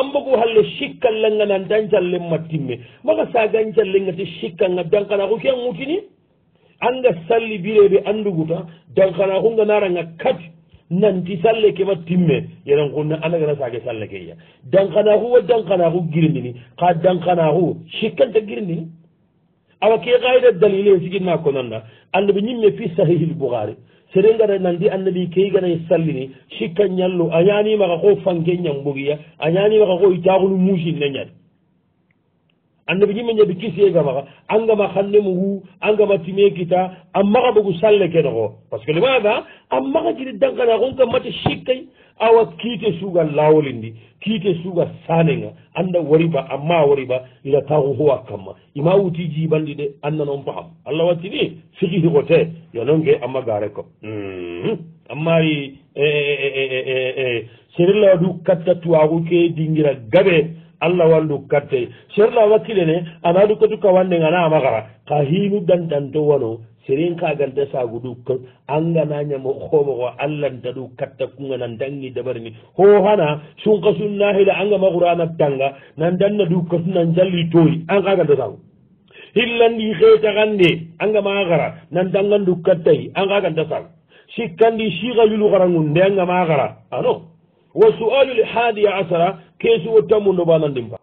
ambogo halle sikkallanganantan callenmattimme maga sagan callengati sikkanga dankana ku ke ŋutini annga salli bireɓe andugouta dankana kunga naranga kati nanti salle keɓa timme yeren kunne anagana sake salle keya dankana ku wa dankana ku girindini ka dankana ku sikkanta girindini awa ke kayida dalil en siginna konanda annabi ñimme fi sahihil bouhari serengara nandi annabi ke iganay sallini sikka ñallu a ñanimaka ko fanke ñambogiya a ñanimaka ko i caakunu musinne ñati annabi ñimme ñabi kisiyegamaxa angama xannemu wu angama timee kita a maxa ɓogu salle kene xo parce que limaga a maxa jiri dankana xon ka mate sikkay awa kiite suga lawolindi kiite suga sanenga anda wariba amma wariba ila taxu howa kamma ima wuti jibandi de annanon paxam allah wattini sikihi xote yononge amma gare ko ammari eh, eh, eh, serilladu katta tuwagu ke dingira gabe allah wallu katte serla wakkile ne ana du katu ka wande ngana amagara ka hinu dantanto wano serin kagal dasagu du angananyamo homogo allanta du katta kunga nandangi dabarni ho hana sunka sunnahila anga magura anattanga nandanna du katu nanjalli toyi an kagal dasagu hillandi hetakande anga magara nandangan du kattai an kagal dasagu sikkandi siga yulu garangunde anga magara ano wa sualu lihadi ya asara keesi wottanmu no banandin ba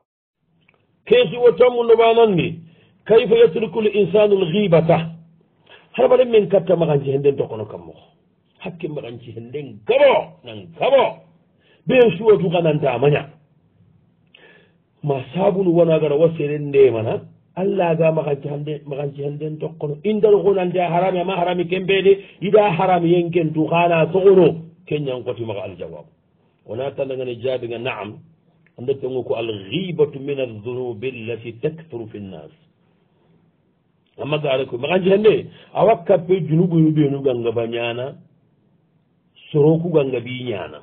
keesi wottanmu no banandi kayfa yatruku linsanu lhibata harbare min katta maganci henden tokono kammoko hakke maganci henden gabo nan gabo be suwatu gananta amaña ma sabunu wanagara wasere ndemana allah ga maganci hande maganci henden tokkono indar gonande a harami ama harami kembede yiɗa harami yenkentu hana sogono kenñankoti maga aljawabu wona tandagani jaabiga naam andatango ko alhibatu min aldunubi allati tactoru fi nnas amma gaara koy maxanji hannde awa kappe junubunu ɓeenu ganga ba ñaana soroku ganga ɓi ñaana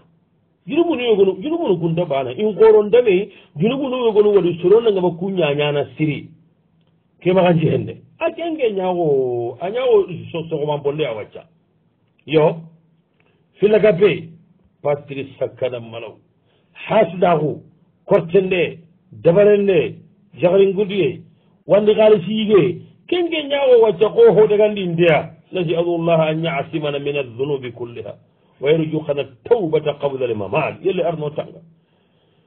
junubunu yogonu junubunu kunta baana in kooron dame junubunu yogonu waɗi soro nanga ba ku ñañaana siri ke maxanji hannde a kenge ñaawo a ñaawo sosoxomanponde a wacca yo filla kappe patri sakkanam malaw hasdaaku korten nde dabaren nde jakrin gudiye wande kaali siyige kenge ñawo wacca ko hode gandi ndeya nasi adullaha an yasimana min adunubi kulliha wa yarju kana taubata qablal mamad yelle arno tanga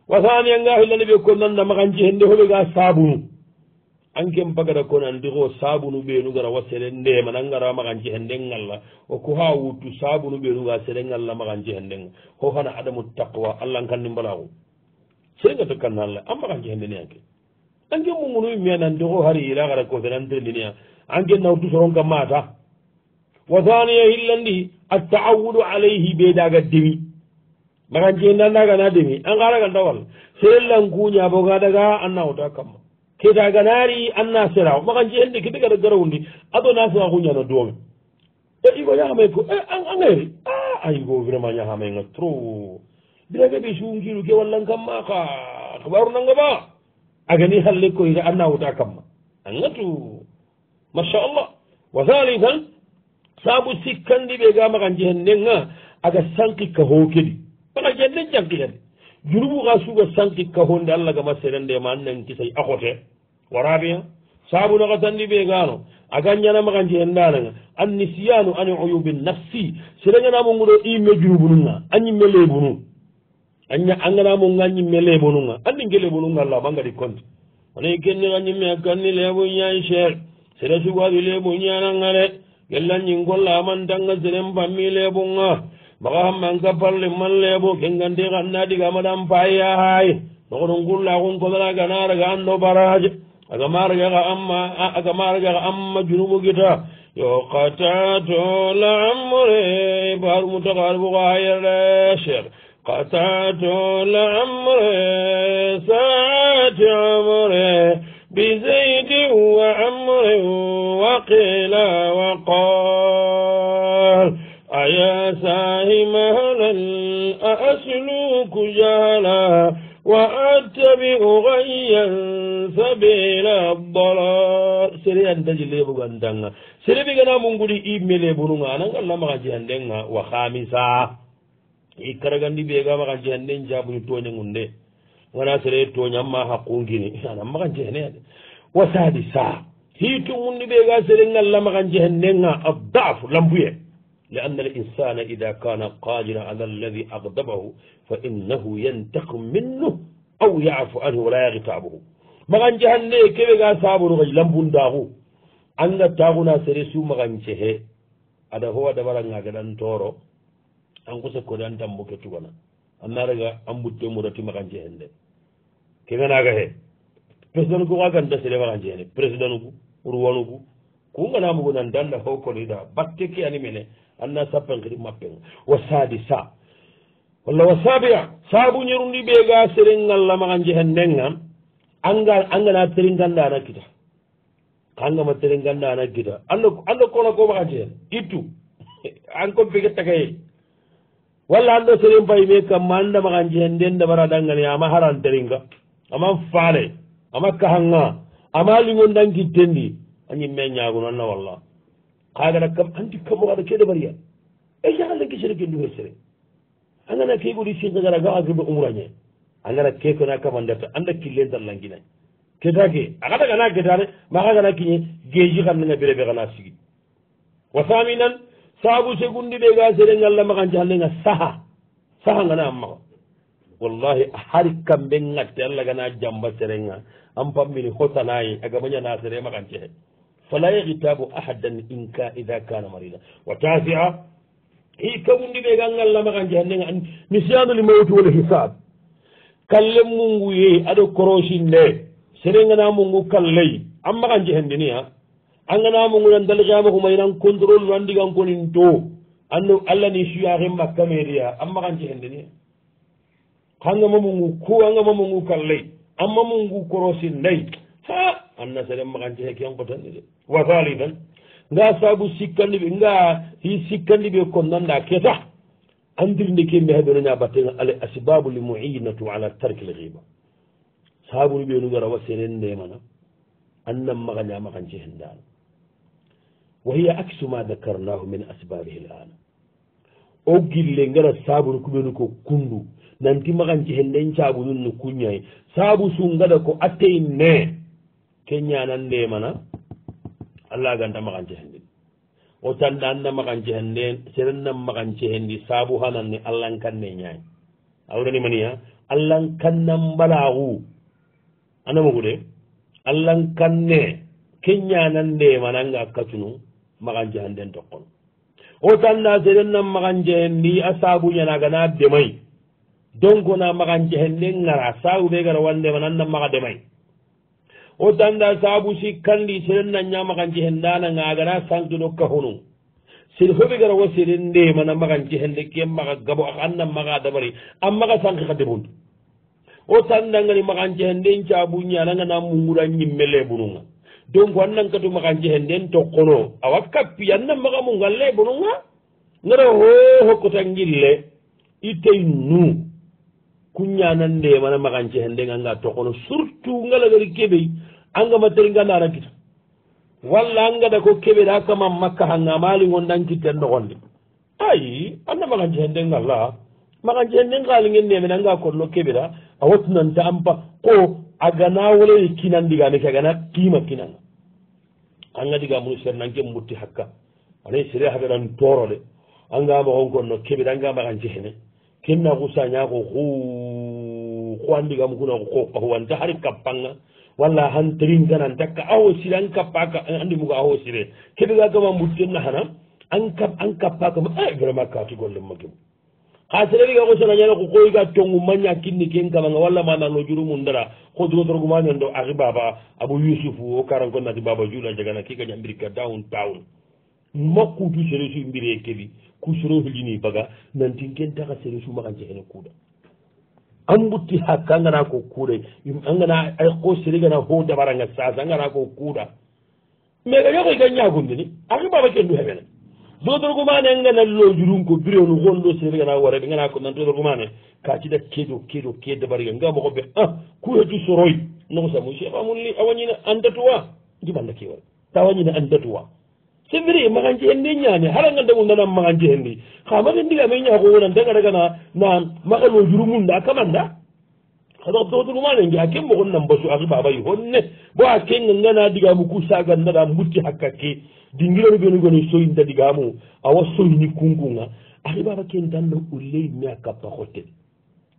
wasani an gahilla nabi ko nanda makanji hende hobe ga sabunu anken bagara kon andi ko sabunu be nu gara wasere nde manangara makanji hende ngalla o ko ha wutu sabunu be nu ga sere ngalla makanji hende ho hana adamu taqwa allah kan nimbalawo serigato kannalla ammakanke hendeniyanke anke mumunu miyanante ko hari ila gara kosene antirendiniya anke nawtu soronka mata wa thaniya hillandi attaawudu alayhi be daga demi makanke hende andagana demi an garaganta wal serellankuña boga daga annawta kamma keta ganari anna serawo makanke hende kete gata garawundi ado nasuga kuñano duome e igo ñahamay ko e an aneri a aigo vraiment ñahamay nga trop dinage ɓe sunguiru ge wallan kamma ka kabaru nango ba agani halle koyta anna wuta kamma angatu machallah wa halican saabu sikkandi ɓe gama kan jehen denga aga sanki ka ho kedi maka jenden janki kadi jurubuka suga sanki ka honde allah gama serende ma an nang kisay akote warabiya saabu noka sandi ɓe gano agañanama kan jehen dananga annisiyanu ani uyubi nafsi sereñanamo ngoɗo imme jurubununga añimme leybunu aña anganamo gañimme leɓonuga andi gueleɓonuga la ɓangadi konte ona kenne gañimme kanni lebo ñai cher seɗa sugadi lebo ñanagale gellañin golla amantanga seɗen pammi leɓoga maga hammanka parle man leɓo kengande kanna diga madan paya hay nogonon gulla kun kosara ganaraga anno baraje agamargaa amma agamargaa amma junubu gita yo katato lamre barumutogarbugayere cheikh قطعت لعمري ساعات عمري بزيد وعمر وقيل وقال أيا ساهم مهلا أسلوك جهلا وأتبع غيا سبيل الضلال سري أن تجلي بغندنا سري بغنا منقولي إيميلي بنونا أنا قال لما وخامسا ikaragandi bega ba ga makan jehane jabuni toñe gun de wona sere toñe amma haqqungini ana makan jehane ade wa sadisa hitu hiitu munni ɓe ga sere ngalla makan nga addafu lambuye لأن الإنسان إذا كان قادرا على الذي أغضبه فإنه ينتقم منه أو يعفو عنه ولا يغتابه magan jahanne keɓe ga saburu kay lambundaku anga taguna sere su magan cehe ada ho ada waranga gaɗan toro anko se kode an tammo kettugona annaraga an butte murati makanci hen de kegenaga he président ku aganta sere makanci hene président ku urwanuku kunganamugo nan danda ho koneda batte ke ani mene anna sappenkiri mappen wa sadi sa walla wa sabia saabu ñirundi ɓeega serengalla makanci hen denga anga angana seren ganda ana kita kangama seren ganda ana kita anda anda kona ko makanci hen ittu an kompeke takaye walla an ɗo serin bayi ɓe kam ma andama kan jehen nden dabara dangani ama haranteringa ama fane ama kahanga ama lingon dan kittendi a ñimme ñaguno anna walla kagara kam anti kamo kata ke dabariya e yahalen kecere ke nduwe sere a gana ke ɓoɗi sinkagara gaa kiɓe umrañe a gara ke kona kama nderta anda killen tan langinai keta ke a kata gana ketane ma ka gana kiñe geji kamnanga bereɓe kana sigi wasami nan saabu segundi ɓe ga sere ngallah ma kanji hallega saha saha gana an maxa wallahi hari kamɓe gatte allah gana jamba serenga an pammini hosanayi a gabañana sere ma kanti he fala yahitabu ahadan inka ida kana marida wa tasia i kamundi ɓe ga ngallah ma kanji hallega misianuli mawtu wal hisab kalle mungu ye aɗo korosinde serengana mungu kallayi an ma kanji hendini ha anganamo gona dalgama ko mayinan controle no andigankonin to anno allah ni suyaxe makka meria anmaxanti hendeniya kangamamungu ku angamamungu kallay anmamungu korosinday ha anna sere maxanti hekeankotani de wasalitan nga sabu sikkandiɓe nga i sikkandiɓe konnanda keta andirinde kembe haɓeno ñabattega ala asbabu li muinatu ala tarque lhiba sabunu ɓenu garawa senen ndemana annan maxa ñamaxanci hendano wa hiya axu ma dakarnahu min asbabihi l ala o gille ngara saabunu ku ɓenu ko kundu nanti maxanci hen nden caabu nun no kuñay saabu su ngada ko attey ne keñanan ndemana allah ganta maxanci henndin o tanɗanna maxanci henden serennan maxanci henndi saabu hanan ni allahnkanne ñaay awrani mania allahnkannan mbalaxu anamogude allahnkanne keñanan ndemananga kacunu maxan jehanden toqon o tanna seren nan maxan jehen ni a saabuñanagana demay donc na maxan jehenden ngara saabu fe gara wandema nan nan maxa demay o tanna saabu si kandi seren nan ña maxan jehendananga agana santino kahunu sir fo ɓe gara wo seren ndemana maxan jehende ke maxa gabo axan nan maxa dabari a maxa sanki xa debundu o tannangani maxan jehenden caabu ñanangana mumuda ñimmele bununga donc annankatu maxa jehen den tokkono awa kappi annan maxa mu ngalle bonunga ngara ho hokkota ngille itey nu kuñanan ndemana maxan cehen de ganga tokono surtout ngalagari keɓey anga matari nga narankita walla angada ko keɓeda kama makkahanga maaligondankitten noxonde ayi anna maxan cehen de ngalla maxan cehen de ngaalingen nemen anga konno keɓeda a watunanta anpa ko a gana walaye kinan diga ne ke gana kima kinan anga diga munu ser nanke mutti hakka ane sere ha beran toro de anga ma hon gonno kebe anga ma kan jehene kinna gusa nya ko hu ko andi gam kuna ko ko ko wanta har kapanga walla han trin gana takka aw siran kapaka andi mu ga aw sire kebe ga gam mutti na hanam an kap an kapaka eh, ma ay gara makka ti gollem magi ha sere wi kako sana ñana ko koyga tongu maña kinni ken kalanga walla ma nanno jurumum dara hodrotorgumañondo ahi baba abo yusufu o karankon ahi baba jula jagana kika ñambiri ka dawn tawn makkutu seresu mbire keli ku sero hilini baga nantin ken taka seresu makan cehene kuuɗa ambuti hakka angana ko kuuɗa angana ay ko seregana ho dabaranga sasa angana ko kuuɗa mais gaña koy gañagundini ahi baba kendu heɓene dodorgumane ganallo jurum ko birenu gonɗo sere gana warɓe gana ko nan dodorgumane ka cida keeɗo keeɗo keedde barga ngama koɓe a kuyatu soroy noko samu chef amulli a wañina andatuwa jiɓanda kewal ta wañina andatuwa c'est vrai maganje hendi ñaane hara gandagu nanan maganje hendi ha magandigame ñako wonan dagaragana nan magalo jurumunda kamanda xeɗo dowdunu mane mbi'a ke mogon nam basu axi baba yi honne bo a kenga ngana digamu ku sagandaɗa mbutti hakka ke dingirano ɓenugoni soyinta digamu awa soyini kunkunga axi baba ken danno ulley me a kappa xoten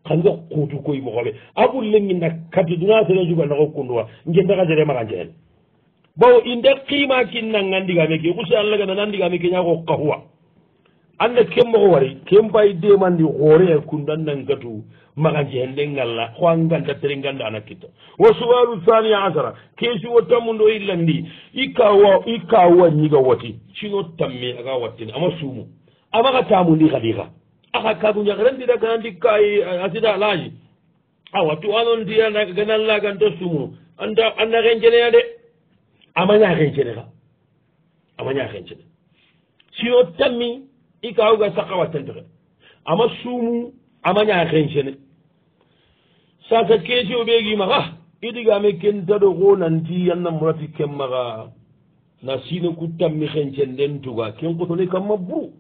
xanga kutu koy moxoɓe a ɓulleginna kati duna sene suga naxo kundowa ngendaxa sere maxanjeel bo inde qima kinnanga ndigameke xusi allagana na ndigameke ñaxo xahuwa annda kemmo ko wari kem bay demandi hoore e kunda nangatu magaji hende ngalla ho anganda tere ganda ana kitta wa suwalu thaniya asara kesi wo tammundo illandi e ikawa ikawa nyiga wati chino tammi aga wati ama sumu ama ka tammundi khadiga aga ka gunya garandi da garandi kai asida laji awa tu anon dia na ganan la ganto sumu anda anda genjene ya de ama nya genjene ga ama nya genjene chino tammi i kawuga sakawatantexe ama suumu amaña xencene sasa kesio ɓegimaxa idigame kentaɗoxo nanti yanna murati ken maxa na sine ku tammi xencen den tuga ken xotone kamma buru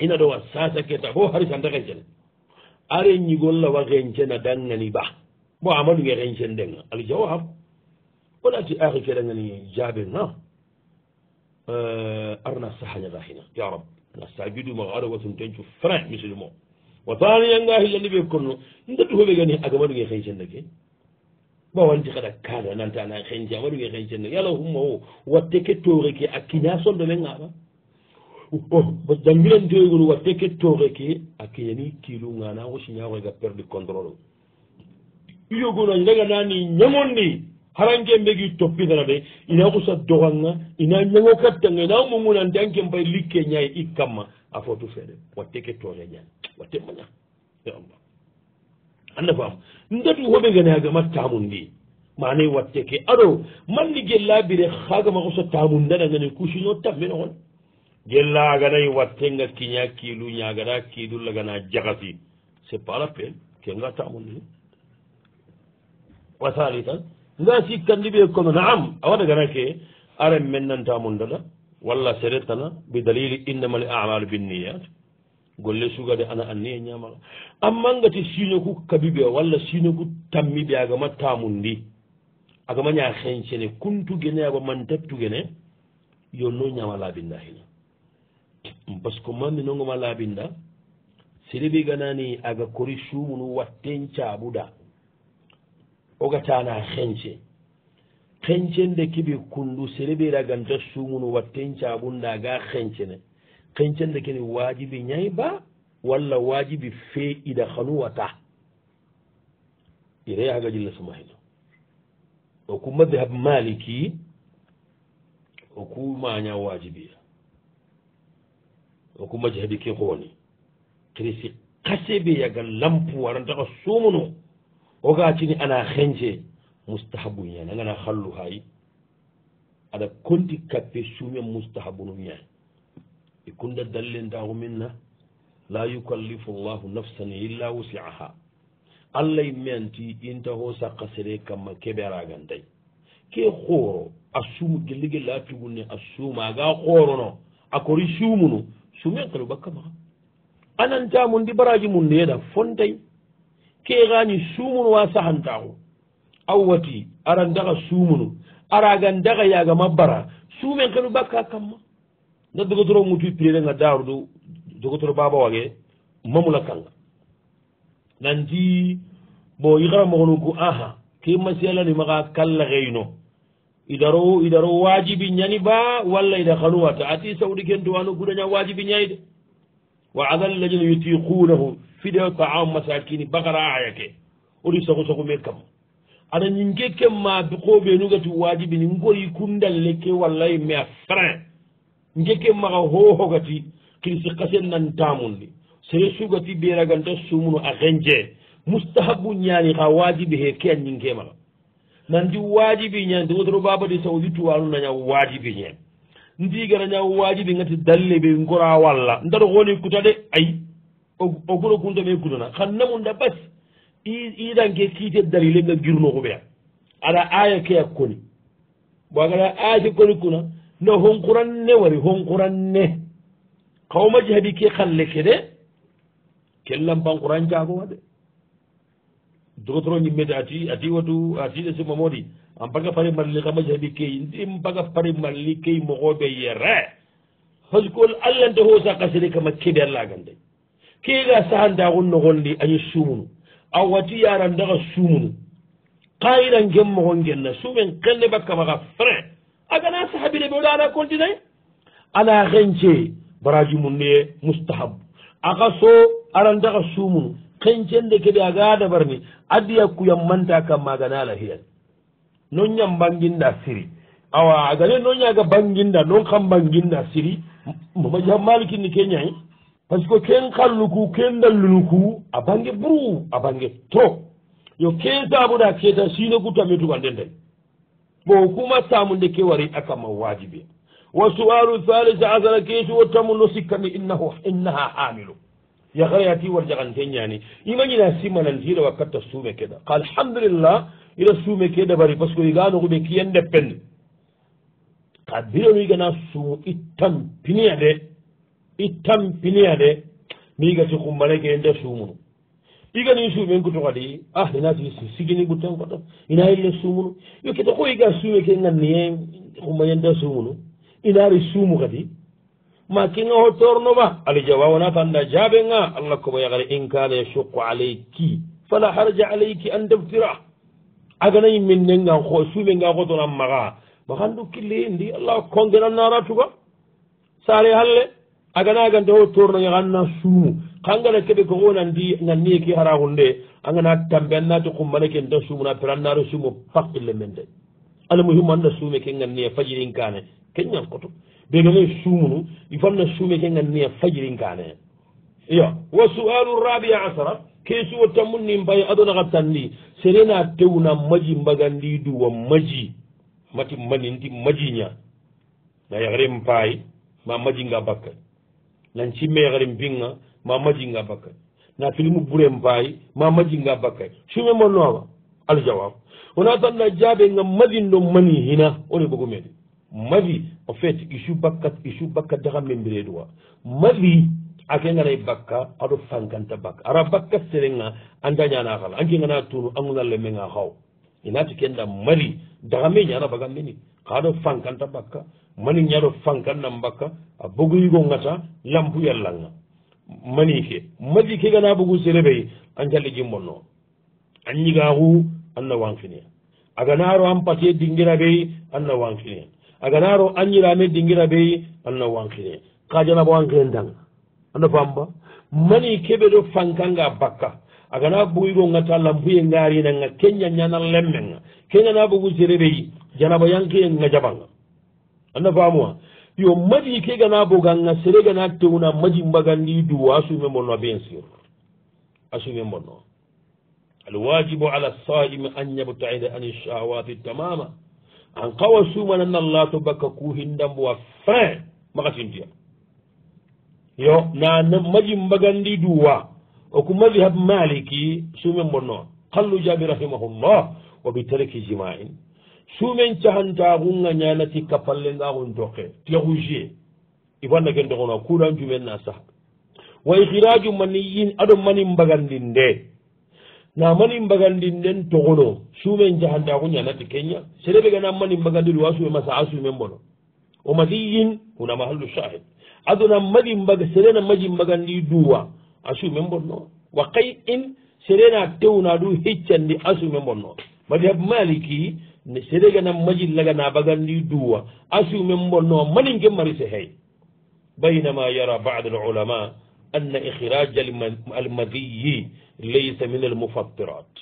ina ɗowa sasa keta fo harisante xencene are ñigol lawa xencena dangani ba bo amaɗuge xencen denga alijawab onati axi ke dangani jaɓenga arna saxañaxahina ya rabe sajudimo ara wasum dencu frai musulme o wa taniyanga hillandi ɓe korno ndatu hoɓe gani aga waɗuge xey sendake ma wanti kaɗa kaga nanta na xeñce a waɗuge xey sendake yala humma o watte ke toore ke a kiña sondo le ngaɓa jangirantegol watte ke toore ke a kiñani kilu ngana xo siñaxoega perdu controle yogona jiraganani ñamon ni harange mbegi toppinara de ina xusa doxanga ina ñango kattanga ina mumunante anke mbay likke ñaye i kamma a fotu feere watte ke toxe ñan watte maña ala anna faam ndatu hoɓe ngene agama tamun ndi manay watte ke aɗo manni gellabire xagama xusa tamun ndanangene kusino tammenoxon gellaganay wattenga kiña kiilu ñagata kiidu lagana jaxasi c'est pas la peine ke nga tamun ndi wasali tan nga si kanndi ɓe kono naam a waɗa ganake aren mennantamundala walla seretana bi dalili innama li amal binniyat golle sugade ana anniye ñamaga amma ngati sinoku kabiɓe walla sinoku tammiɓe agama tamundi agama ña hencene kuntugene aba man tattugene yonno ñama labinda hina par ce que manni nongoma labinda sereɓe ganani aga kori sumunu watten caɓuɗa ogataana xence xencende kibi kundu serebira gan ta sumunu wa tencaɓunda ga xencene xencende kene waajibi ñay ba walla waajibi fe ida xanu wata ire yaaga jilla sumahido o ku madhab maliki o ku maña waajibia o ku madhabi ke xooni xirisi xasebe yaga lampu warantaxa sumunu ogatini ana xeñse mustahabu ñaani angana xallu hayi aɗa konti kappe suume mustahabu nu ñaani e kunda dallentaxu min na la yukallifu llahu nafsan illa wusiaha allah meanti intaho saqa sere kamma keɓeragantay ke xooro a suumu gellige la tugunne a suumaga xoorono a kori suumunu suumen kalu bakka maxa anantamundi baraji mundeeda fontay keeraani suumunu waa sahantaaxu aw wati ara ndaxa suumunu araaga ndaxa yaaga ma bara suumen xenu bakka kam ma nda dogotoro mutu prerenga daarudu dogotoro baaba wage mamula kanga nanti bon yixara moxonu ku aha ke masialani maxa kallaxeyino idaro idaro waajibi ñani baa walla ida xanu wata ati sawdi kentowanu kudaña waajibi ñayi de wa ala alladina yutiqunahu fideo taam masakini bagara ayake oɗi sogo sogo me kam ana ñinke ken ma koɓenugati wajibi ni gori kundal lekke wallay mais a frein nge ke maxa hohogati kirisi kase nan tamundi sere sugati ɓeraganta sumunu a xence mustahabu ñani xa wajibi he ke a ñinke maxa nandi wajibi ñanti wotoro babadi saudi tuwanu naña wajibi ñen ndigana ña wajibi ngati dalle ɓe ngora walla ndaɗo xoni kuta de ayi o goro gunde ɓe gudana xan namunda bas iidanke kiite dalile ga girnoxu ɓeya aɗa aya keya koni bogaɗa aake koni kuna no honkuran ne wari honkuran ne xawma jahabi ke xalle ke de kellampanquran cagowa de dogotoro ñimmede ati ati watu atiɗe suma moodi an paga pari malli xama jahabi key ndim paga pari malli key moxoɓe yere parce que allante ho saqa sere kama keɓer lagan dey keega sahandaxun noxolli añi sumunu a wati yarandaxa sumunu qaina ngen moxo ngenna sumen xenne bakkamaxa frin a gana sahabile ɓeo ana continue ana xence baraji munneye mustahab axa so arandaxa sumunu xencende keɓe aga dabarni a diya kuya manta kam maga na lahiyan non ñam banginda siri awa a gane non ñaga banginda non xam banginda siri mamadiam malikinni ke ñayi par ce que ken kalluku ken dallunuku a bangue bru a bangue tro yo ken sabuɗa keta sinoku tammitugal nde nden bon kuma tamude ke wari akama wajibe wa sualu halise asara keti o tamu no sikkani innahu innaha hamilu yakarayati wal jagante ñani imagina simananhira wakkatta suume keɗa ka alhamdulillah ira suume keɗa bari par ce que yigano kuɓe kiyen deppende ka birenu yigana suumu ittan piniya de ittampiniyade mi yigati kummanake nde sumunu yigani suumen kuto kadi ah inati sigini ɓuten koto ina yille sumunu yo kete ko yiga suume ke ganniye kummaye nde sumunu inaari suumu kadi ma kinga ho tornoba alijawa wona tanda jaabe nga allah kobo yagare in kana yashuqu alayki fala harja alayki an tabtira aganayi minne nga suume nga kotonan maga ma handu killeyendi allah kongenannaratuga saare halle a ganaganta wo torno ñaganna suumu kangana keɓe ko o nandi nanni ki hara hunde a gana tambe annati kummana kenta suumuna perannaro suumu pak ille men de alamuhimu anna suume ke ganniye fajirin kane keñan koto begene suumunu ifanna suume ke ganniye fajirin kane iyo wa sualu rabia asara keesuwo tammunni mbaye adona ha tanndi serena tewna maji mbagandi duwa maji mati maninti majiña na yahrim paayi ma maji nga bakka nan cimmeyekhare mbinŋa ma majinga bakkay na filimu bure mbayi ma majinga bakkay sumema nowa aljawab wona tanna jaabe nga madin ɗo mani hina oni ɓogomede madi en fait isu bakka isu bakka daha membire duwa madi ake ngaray bakka aɗo fankanta bakka ara bakka serenga andañana hala anke ngana tunu angunalle menga haw inati kenda madi dahame ñana bagammeni kaɗo fankanta bakka mani ñaro fanka nan bakka a bogoyigo gata lampu yallanga mani ke maji ke gana bogu sere bey an jalle jimbonno an ñigaxu an na wanfinea a ganaro an pate dingira bey an na wanfinea a ganaro an ñirame dingira bey an na wanfinea kajanabo anken danga ana famba mani keɓe ɗo fankanga bakka a gana boyigo gata lampuye ngarinanga kenñañana lemmenga kenñana bogu sere bey janaba yankeye ga jabanga a nafamuwa yo madi ke gana boganga sere gana tewna madi mbagandi duwa asume bonno bien sûr asume bonno alwajibu ala saimi an yabtaida ani shawati tamama an kawa sumananna llah to bakka kuhindambowa frin makatintiya yo na madi mbagandi duwa oku madihab maliki sume bonno kallu jami rahimahullah wa bitariki jima'in sumen cahantaxunga ñanati kapallenga xun toke tiyahugie ifandake ndoxona kuran jumen na sa wa ixiraju mani yin aɗo mani mbagandinde na mani mbagandinden toxono sumen cahantaxu ñanati kenya sereɓegana mani mbagandin wa sume masa a sumen bono o mali yin una mahallu shahid aduna mali mbaga serena maji mbagandi duwa asu membonno wa kay in serena tewna du hiccandi asu membonno madhab maliki ne sereganam maji lagana bagandi duwa asiu men bonno manin gue marise hey baynama yara bad alulama anna ihiraj almadiyi laysa min almufattirat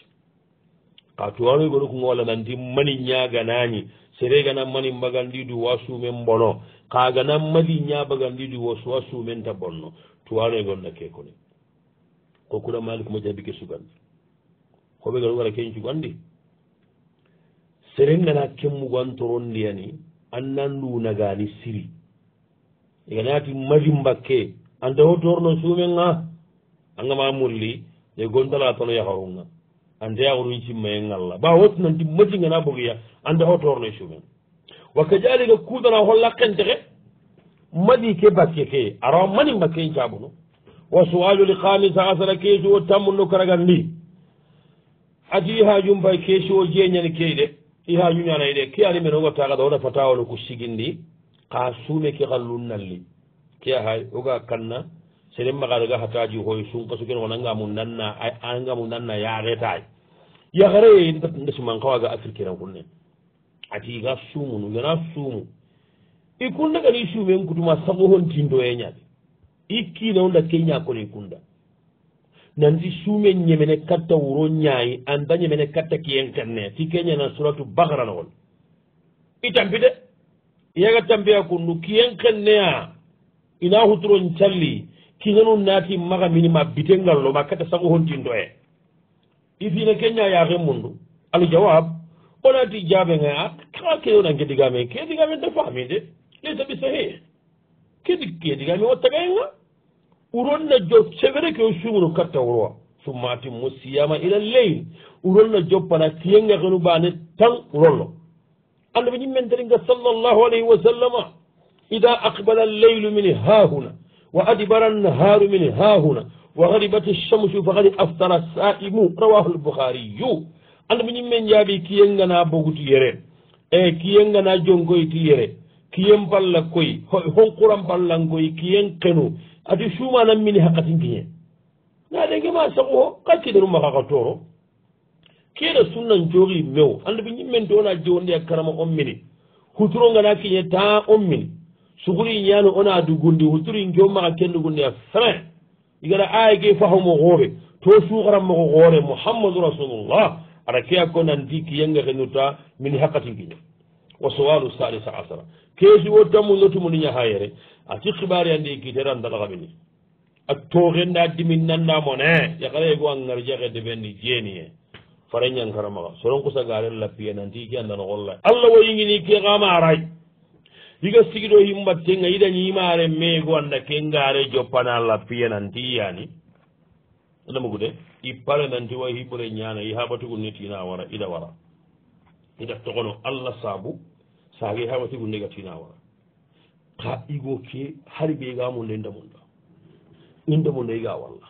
ka tuwaro gono ko ngolanandi mani ñaganani sereganam mani bagandi duwa sumen bono kaganam madi ñabagandi duwa suwa sumen ta bonno tuwaro gonna ke kone kokura malikmo jabike sugandi koɓe gano gara keñ cugandi seren ngana kemmugo an toron ndiyani an nan ndunagani siri iga naati mali mbakke anta ho torno suumen ga anga ma mulli e gontala tono yaharunga anta yahoru cimmae ngalla ba wotinanti mati ngana bogiya anta ho torno e suumen wa kadalika kudana holla kentexe madi ke bakke ke arawa mani mbakke en cabono wa suwalu li kamisa asara keesu o tammu no karagandi ati haajum pay keesu o jeñani key de iha ñuñanayi de ke ali men oga taxa da ona fatawolo ku siginndi xa suume ke xa lunnalli ke ahay oga kanna seren maxaraga hataji xooy sum pa sukene xonanga mu nanna anga mu nanna yaxetaay yaxereye nda siman xa waga afrique ran kun ne ati iga suumunu yona suumu i kunna gani suumen kutuma sagoxontindoye ñaade i kiinao nda ke ñakone i kunda nanndi suumen ñemene katta wuro ñaayi annda ñemene katta kiyenkennee ti keñana suratu bahara nowol i tampi de yaga tampiya kunnu kiyenkenneya ina huturon calli kinanun naati maga minima bite ngallo ma katta sago hontinto e ifiina keña yaake mundu alu jawab onaati jaabenga a kaa kedona kedigame kedigame nta faami de lesabi sahi kedi kedigame o tagayenga urolla job sewere ke sumunu katta wurwa summa atimmu siyama ila leyl urolla job pana siyengakenu bane tan urollo annabi ñimmenteringa sallllahu alayhi wa sallama ida aqbala alleylu min hahuna wa adbara annaharu min hahuna wa haribat alchamsu fakad aftara saimu rawahu albouhariyu annabi ñimmen jaabi kiyengana bogutu yere ey kiyengana jongoyti yere kiyen balla koy honkuran ballangoy kiyen kenu ati sumanan mini hakkatinkihe naɗengema sago ho kankide ɗum makaka toro keɗa sunnan jogi mew ande ɓe ñimmen dona jewonɗi a karama on mini huturo gana kiñe ta on mini sukuri ñani ona dugundi huturi jommaka kendugundi a frin igara ayage fahomo hoore to sukaranmogo hoore muhammadou rasulullah aɗa keya ko nandi kiyenge henuta mini hakkatinkiñe wa sowalu salisa asara keesi wo tammu lotumuniña ha yere ati xibaari andi kiitere andalaxamini a tooxenna dimin nannamone yaxara yegu angarjaxe deɓenni jeeniye fare ñankaramaxa soronkusagaare lappiye nanti ke andanoxolla allah woyingini ke xama aray yiga sigido yimbattenga yidañimaare meegu anda ke ngaare joppana lappiye nanti yaani anamugude i pare nanti wa xibure ñana i haɓatugunni tina wara ida wara ida toxono allah saabu saage haɓatigunnega tina wara ka igo ke hari ɓeygamo nde ndemo ɗa indemo ndeyga walla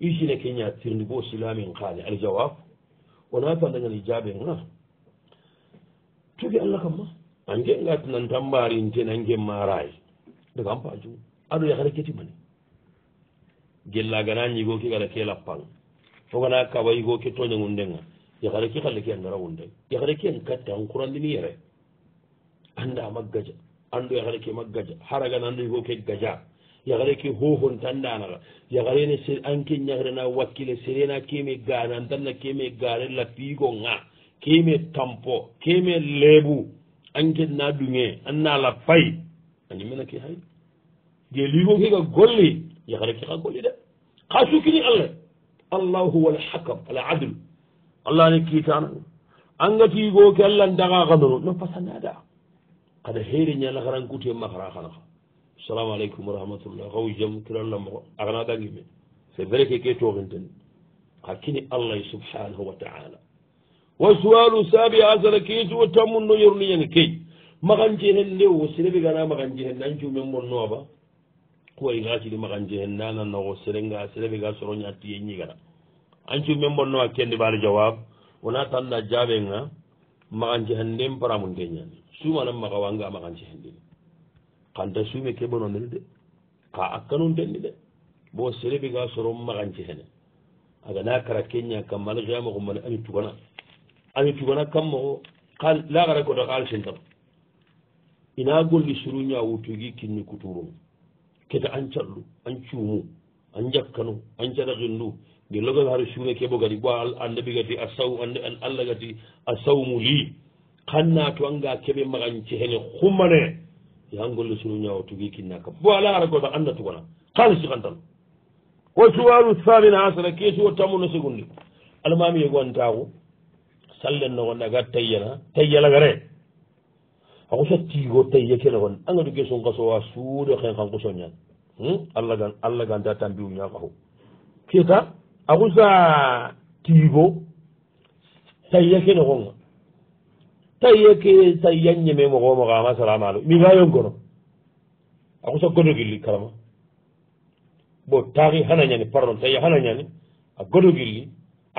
usine ke ñatirndi bo silamin kaali aljawab wona fandañal ijaɓen a tugi allah kam ma ange gatinan tambarinten ange maray dagam pajum aɗo yahara ketimani gella gana ñigoki gara ke lappan fogana kawa yigoke toñagun ndenga yahara ki halle ki andara wunde yahara ki en katte an kurandini yere anda maggaja anndu yahare ke mak gaja haragan anndu ko ke gaja yahare ke hohon tan danaga yahrene s anke yahrena wakkile sirena keme gane andalla keme gane lapigo ga keme tampo keme lebu anke na dunge anna lappay animena ke hay je ligo ke ka golli yahare ke ka golli de ka sukini allah allah huwa alhakam alaadl allah ne kitanago angatigo ke allah ndaga kanono no pasanada kada heeri ñalakarankutie makara kanaka assalamu aleykum warahmatullah kawi jam kiranamoko agana dangimi c'est vrai ke ke toxinten xa kini allah subhanahu wa taala wa sual sabi asara kesuwo tammun no yeru ni ñange key maxancehen nde wo serebe gana maxancehen nan cuume mbonno aba kuwayi ga sidi maxancehen nanannoxo serenga serebe ga soro ñattiye ñigana an cuume mbonnowa kendi baalo jawab wona tanna jaɓenga maxancehan nden paramunte ñani suumanan maxa wanga maxanci hendini xanta suume keɓanonene de ka akkanuntenni de bo selebi ga soro maxanci hene agana kara keña kam malxiyamaxumane ani tugana ani tugana kam moxo laxara koto xaalsintam ina golli suruña wutugi kinni kuturum kete an callu an cuumu an jakkanu an caɗaxindu gillogal har suume keɓogadi bo andebigati a saw allah gati a sawmu lii xanna to anga keɓe maxanci hene xumane yangolle sunu ñawo tugi kinnaka bo ala ara goda anna tugona xalisi xantan wo suwalu samine asara kesi wo tamuno segundi almami yegontaxu sallen noxonaga tayyana tayyalagare axusa tigo tayye ke noxon angatu ke sun xasowa suuɗo xen xan kusoñan hmm? allagan allaganta tambiu ñaxaxu keta axusa tigo tayye ke noxonga taye ke ta yanñeme mogo mogo ama salamalu mi ga yonkono ako sa godo gilli karama bo taki hana ñani pardon taye hana ñani a godo gilli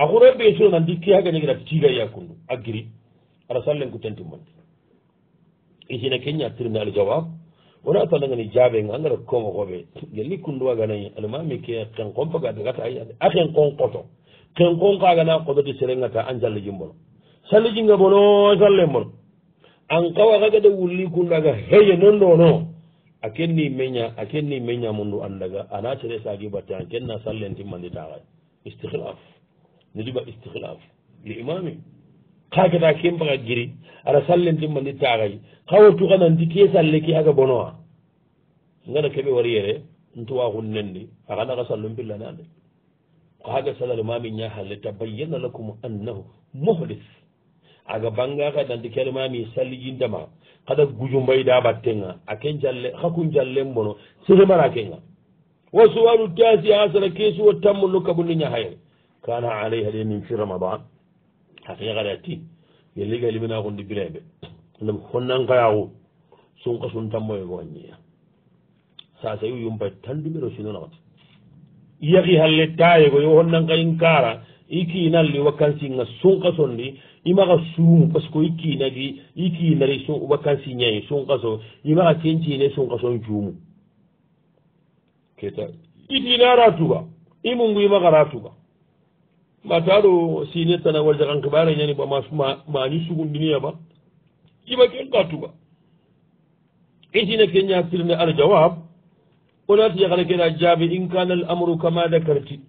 ako re ɓe suna ndi ki haga ñegi ɗat tiga ya kundu a giri ara sallen ku tentimmande isina keña tirne aljawab wona tandagani jaabe nga ngara komo koɓe gelli kundu waganay alamami ke ken kon fagadegata a ken kon koto ken kon kagana koɓete sere ngata a jalle jimbolo salijinga bono sallemol an kawa kaga da wulli kundaga heye non ɗono a kenni meña a kenni meña mundu andaga ana cere sagi batte an kenna sallentimmanditaxa istihlaf nidiɓa istihlaf li imami kaketa kempaxa giri ara sallentimmandi taxay xawa tuxananti ke salle ke aga bonowa ngana keɓe wari yere ntuwaxun nendi axanaxa sallum pillane ande ko haga salal mami ñahalle tabayyana lakum annahu muhlis aga bangaka dante kelmami salliƴindema kada guju mbayda battenga ake jalle haku jallen bono sehemara kenga wa suwanu tasi asara kesuwo tammo nokka bonni ñahayen kana alayha de min fi ramadan hakiya gara ti yelliga limina kondi bireɓe nam honnankayaku sunka sun tammoye gowanñiya sasayu yumpa tandumiro sinonawat yaki halle tayego yo honnankayin kara nga ikiinalli wakkansinga sunkasondi imaxa suumu parce que i kiinagi i kiinari wakkansi ñayi sunkaso ne sunka son jumu keta itinara tuga i mungu imaxara tuga mataɗo sine tana warjaxan xibara ñani ba ma maani ba. ima ken ka tuga itine ke ñatirne aljawab onati yaxana kena jaabi in kana al amru kama dakarti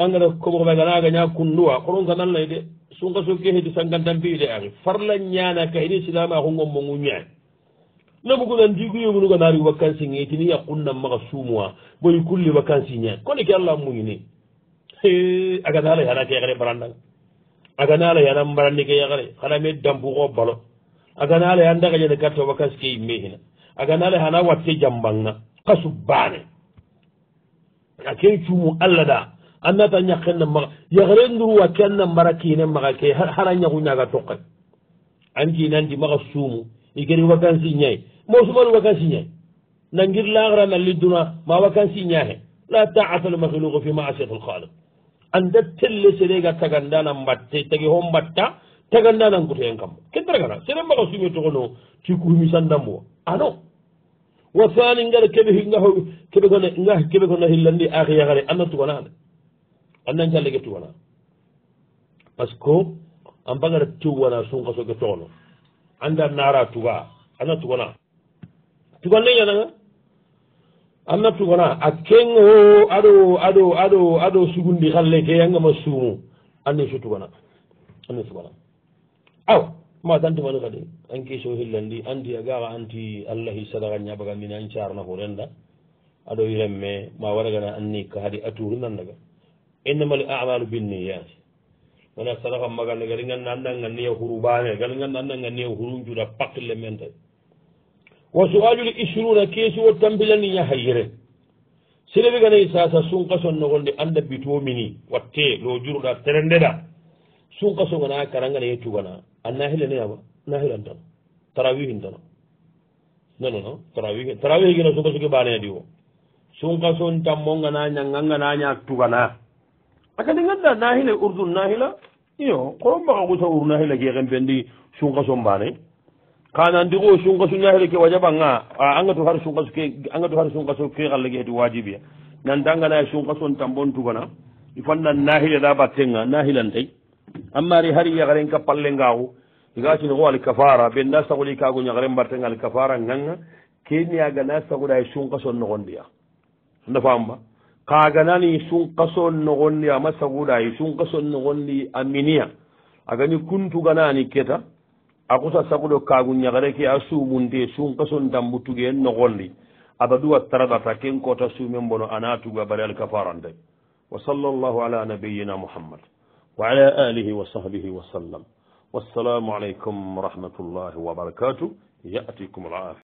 angana koɓoxoɓe ganaga ña kunduwa xoronka nanlay de sunka soke hedi sangantan piide ang farla ñana ka hedi silama xungommongu ñaan na bugunan diguyogunu ganari wakansi ge tini yaqunnan maxa sumuwa boy kulli wakansi ñaan kone ke allah muñini aganalay xana kexere barandanga aganalay ana mbarandi ke yaxare xana me dampuxo balo aganalay an ndaxeƴene garte wakansi ke yimme hina aganalay xana watte jambanga xa subbane a ken cumu allah da annata ñakkenna maga yahrenduruwa kenna mbara kine maga ke hara ñaguñaga toqay antinanti maga suumu igeri vacanci ñayi mosumanu vacanci ñayi nangir lahara nalli duna ma vacanci ñahe la taata lmakhluqu fi maasiyati lkhaliq anda telle serega tagandana mbatte tagi ho mbatta tagandanan kutoyen kamma kentaragana sere maga suume togono ti kuhumisandambowa ano wa thani ngara keɓe ngaho keɓe kona nga keɓe kona hillandi aki yagare annatuganaane annan calle gettu wona par ce que an bagara tew wona sunkaso gettono anda nara tuga anna tugona tugonne ñananga anna tugona a kengo aɗo aɗo aɗo aɗo sugundi halle ke yangama suumu anne so tugona anne tugona aw ma dantumani kadi an kiso hillandi andi agaxa anti allahi sadaka ñabaga mine an carna ko renda aɗo yiren me ma waragana anni ka hadi a turi nandaga innamal amalu binniyat wona sadaka magande gadi ganduɗa andaganni yo hurubane gadi ganduɗa andaganni yo hurum juuɗa pakkille men tan wa suwajuli isruna keesi wo tampilani yaha yere sireɓe ganayi sasa sunkason nogonde anda bitomini watte lo juruɗa terendeɗa sunkason gona karangana yettugana anna hilaneyama nahilantan tarawihin tana nono no tarawih tarawihigina sunkasoke baneyadi o sunkason tammo gana ñangangana ña tugana aka ndi ngannduɗaa nahila urdun nahila iyo koro mbakaguta ur nahila keeken pendi sunkaso mbane kana ndigo sunkasu nahila ke wajabanga angatu har sunkasu ke angatu har sunkaso ke kalla ke heti wajibiya nandanganaye sunkason tambon tugana ifanna nahila da battenga nahilantay ammari hari yagaren ka palle ngaaku igasini ko alkafara benda sagoli kago ñagaren mbartenga alkafara ganga kenniyaga na sagoɗa ye sunkason nogondiya nafamba kaganani sun kaso nogondi ama saguɗayi sun kaso nogondi a miniya agani kuntuganani keta akusa saguɗo kagu ñagare ke a sumunde sun kaso dambutuge nogondi abaduwa taragata ken kota su sumen bono anatuga bare alkafarante wa sallallahu ala nabiyina muhammad wa ala alihi wa sahbihi wa sallam wassalamu aleykum warahmatullahi wabarakatuh yatikum alafi